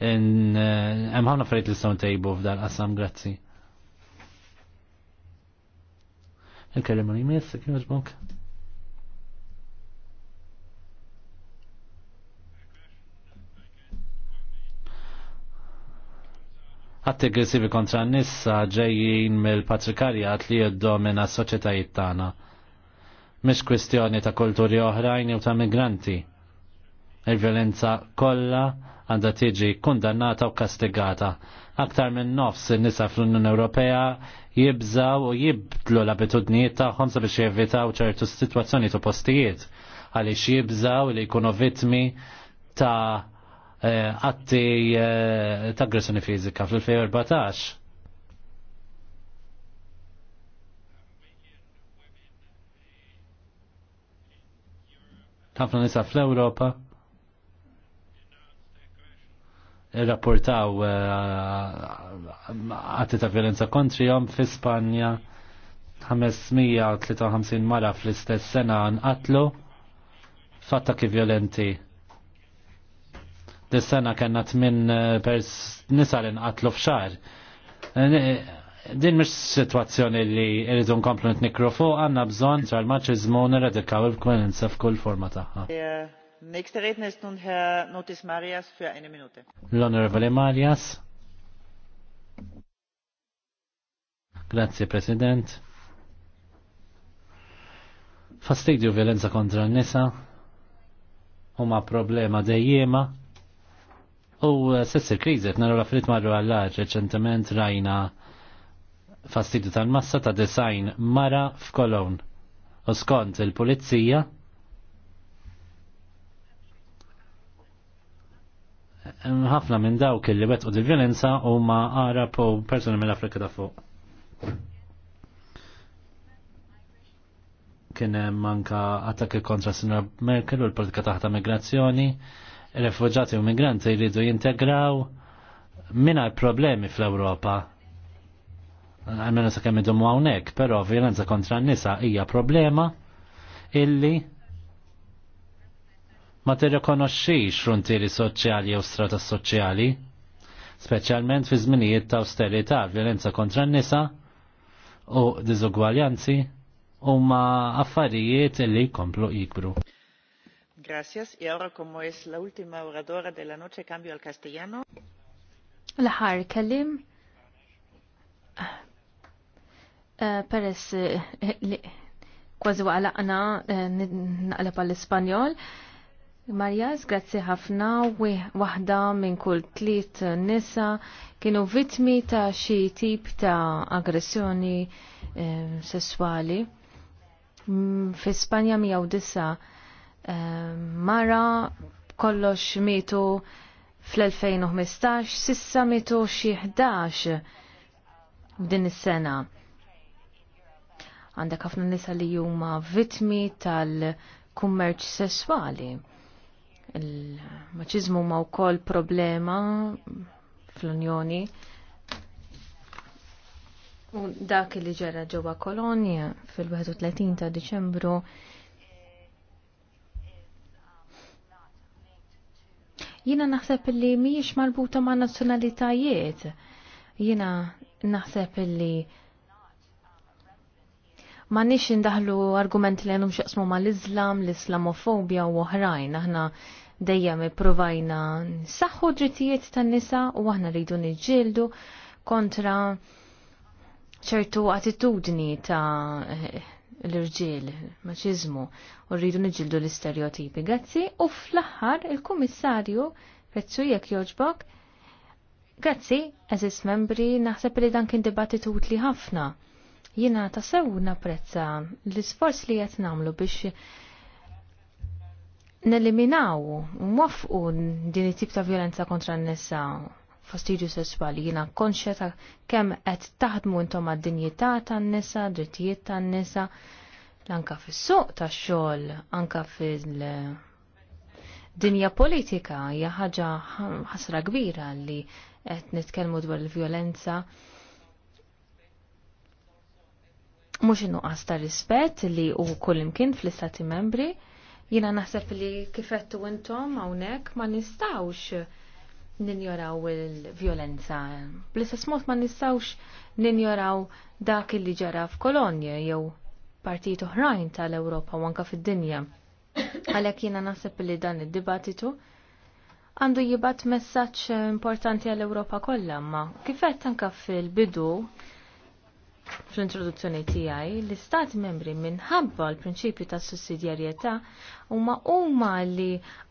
hemm ħafna fejn li nistgħu ntejbu f'dan qasam grazzi. Nkellem li jmiss, kien jogħġbok? Għatti aggressivi kontra n-nissa ġejjin mill-patrikarjat li jiddomina s-soċetajiet tagħna Mish kwestjoni ta' kulturi oħrajn u ta' migranti. Il-violenza kollha għandha tiġi kundannata u kastigata. Aktar minn nofs in-nisa fl-Unjoni Ewropea jibżaw u jibdlu l-abitudnijiet tagħhom sabiex jevitaw ċertu situazzjoni u postijiet għaliex jibżaw li jkunu vittmi ta' eh, atti eh, ta' aggressjoni fizika fl-2014 ħafna nisa fl-Ewropa irrapportaw għati eh, ta' violenza kontrihom fi Spanja 553 mara fl-istess sena nqatlu ki violenti. Dis-sena kena tmin eh, pers nisa li nqatlu f'xar. Eh, Din mish sitwazzjoni li rridu nkomplu nitnikru fuq għandna bżonn ċar maċiżmu radikaw il-kwenenza f'kull forma tagħha. Nächster Redner ist nun Herr Notis Marias für eine Minute. L'Honorable Marias. Grazie, President. Fastidju violenza kontra n-nisa huma problema dejjema u sessir kriżet naru la frit marru għallar reċentement rajna fastidju tal-massa ta' design mara f'Kolon. U skont il-pulizija ħafna minn dawk li wetqu di violenza u ma Arab persuni mill-Afrika ta' fuq. Kien hemm anka attakki kontra Sinra Merkel u l-politika taħta migrazzjoni, refuġati u migranti jridu jintegraw mingħajr problemi fl-Ewropa għanna sa' kemm id-dumu għawnek, pero violenza kontra n-nisa hija problema illi ma tirrikonoxxix frontieri soċjali u strata soċjali, speċjalment fi żminijiet ta' austerità, violenza kontra n-nisa u diżugwaljanzi huma affarijiet illi jkomplu jikbru. Gracias. Y ahora como es la última oradora de la noche, cambio al castellano. La har kalim. Eh, peress eh, li kważi waqlaqna eh, naqleb għall-Ispanjol. Marjas, grazzi ħafna, waħda minn kull tliet nisa kienu vittmi ta' xi tip ta' aggressjoni sessuali. Mm, fi Spanja miegħu disa mara kollox mitu fl-2015, sissa mitu xi 11 din is-sena għandek ħafna nisa li huma vittmi tal-kummerċ sessuali. Il-maċizmu ma' wkoll problema fl-Unjoni. U dak li ġara ġewwa Kolonja fil-31 ta' Diċembru Jiena naħseb li mhijiex marbuta ma' nazzjonalitajiet. Jiena naħseb li ma nix indaħlu argumenti li għandhom xaqsmu ma l-Islam, l-Islamofobja u oħrajn. Aħna dejjem provajna saħħu drittijiet tan-nisa u aħna rridu niġġieldu kontra ċertu attitudni ta' l-irġiel, maċizmu, u rridu niġġieldu l-istereotipi. Grazzi, u fl-aħħar il-Kummissarju, Prezzu jek joġbok, Grazzi, eżis membri, naħseb li dan kien dibattitu utli ħafna. Jina ta' sew napprezza l-isforz li qed nagħmlu biex neliminaw, mwafqu din it-tip ta' violenza kontra n-nisa fastidju sessuali jina konxja ta' kemm qed taħdmu intom għad-dinjità tan-nisa, drittijiet tan-nisa, anka fis-suq tax-xogħol, anka fil- dinja politika hija ħaġa ħasra kbira li qed nitkellmu dwar il-vjolenza mhux innuqas ta' rispett li hu kullimkien fl-istati membri. Jiena naħseb li kifettu intom hawnhekk ma nistawx ninjoraw il-violenza. Bl-istess mod ma nistawx ninjoraw dak li ġara f'Kolonja jew partit oħrajn tal-Ewropa u anka fid-dinja. Għalhekk jiena naħseb li dan id-dibattitu għandu jibat messaġġ importanti għall-Ewropa kollha, ma kifett anka fil-bidu fl-introduzzjoni tiegħi l-istati membri minħabba l-prinċipju ta' sussidjarjetà huma huma li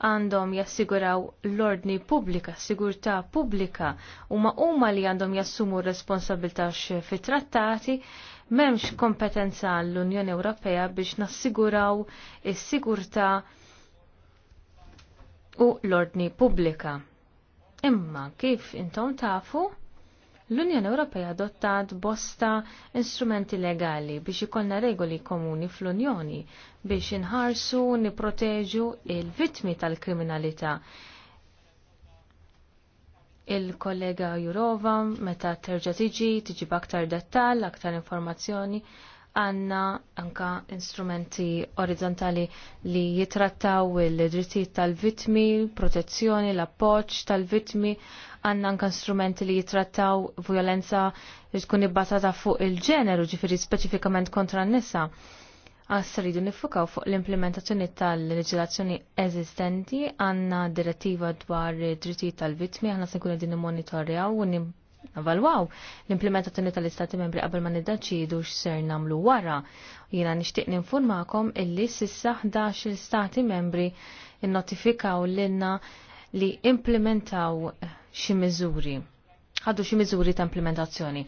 għandhom jassiguraw l-ordni pubblika, sigurtà pubblika, huma huma li għandhom jassumu r-responsabilità fit-trattati m'hemmx kompetenza l-Unjoni Ewropea biex nassiguraw is-sigurtà u l-ordni pubblika. Imma kif intom tafu? L-Unjoni Ewropea adottat bosta instrumenti legali biex ikollna regoli komuni fl-Unjoni biex inħarsu niproteġu il-vitmi tal-kriminalità il-kollega Jurova meta terġa tiġi tiġi b'aktar dettall, aktar informazzjoni għanna anka instrumenti orizzontali li jitrattaw il-drittijiet tal-vitmi, protezzjoni, l-appoċ tal-vitmi, għanna anka instrumenti li jitrattaw violenza li tkun ibbatata fuq il-ġeneru, ġifiri speċifikament kontra n-nisa. Għassar rridu nifukaw fuq l-implementazzjoni tal-leġilazzjoni eżistenti għanna direttiva dwar drittijiet tal-vitmi, għanna se nkunu din monitorjaw u Valwaw l-implementazzjoni tal-Istati membri qabel ma niddeċidu x'ser namlu wara. Jiena nixtieq ninformakom illi sissa 11 stati membri innotifikaw lilna li implementaw xi miżuri. Ħaddu xi miżuri ta' implementazzjoni.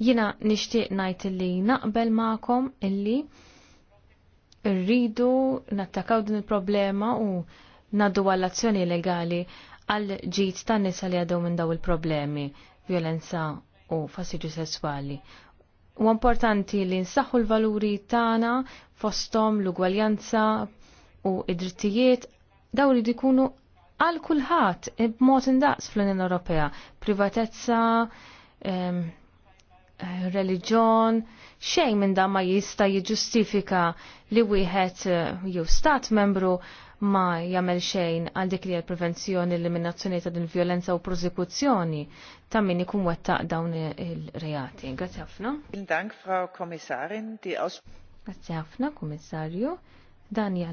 Jiena nixtieq ngħid illi naqbel magħkom illi rridu nattakaw din il-problema u naddu għall-azzjoni legali għal ġit tan nisa li għaddew minn daw il-problemi violenza u fassiġu sessuali. U importanti li nsaħħu l-valuri tagħna fostom l-ugwaljanza u id-drittijiet daw li dikunu għal kulħadd e b'mod indaqs fl-Unjoni Ewropea. Privatezza, reliġjon, xejn minn dan ma jista' jiġġustifika li wieħed eh, jew stat membru ma jagħmel xejn għal dik li l-prevenzjoni l-eliminazzjoni ta' din violenza u prosekuzzjoni ta' min ikun wettaq dawn il-reati. Grazzi ħafna. Dank Frau Kommissarin, die Grazzi ħafna, Kommissarju. Dan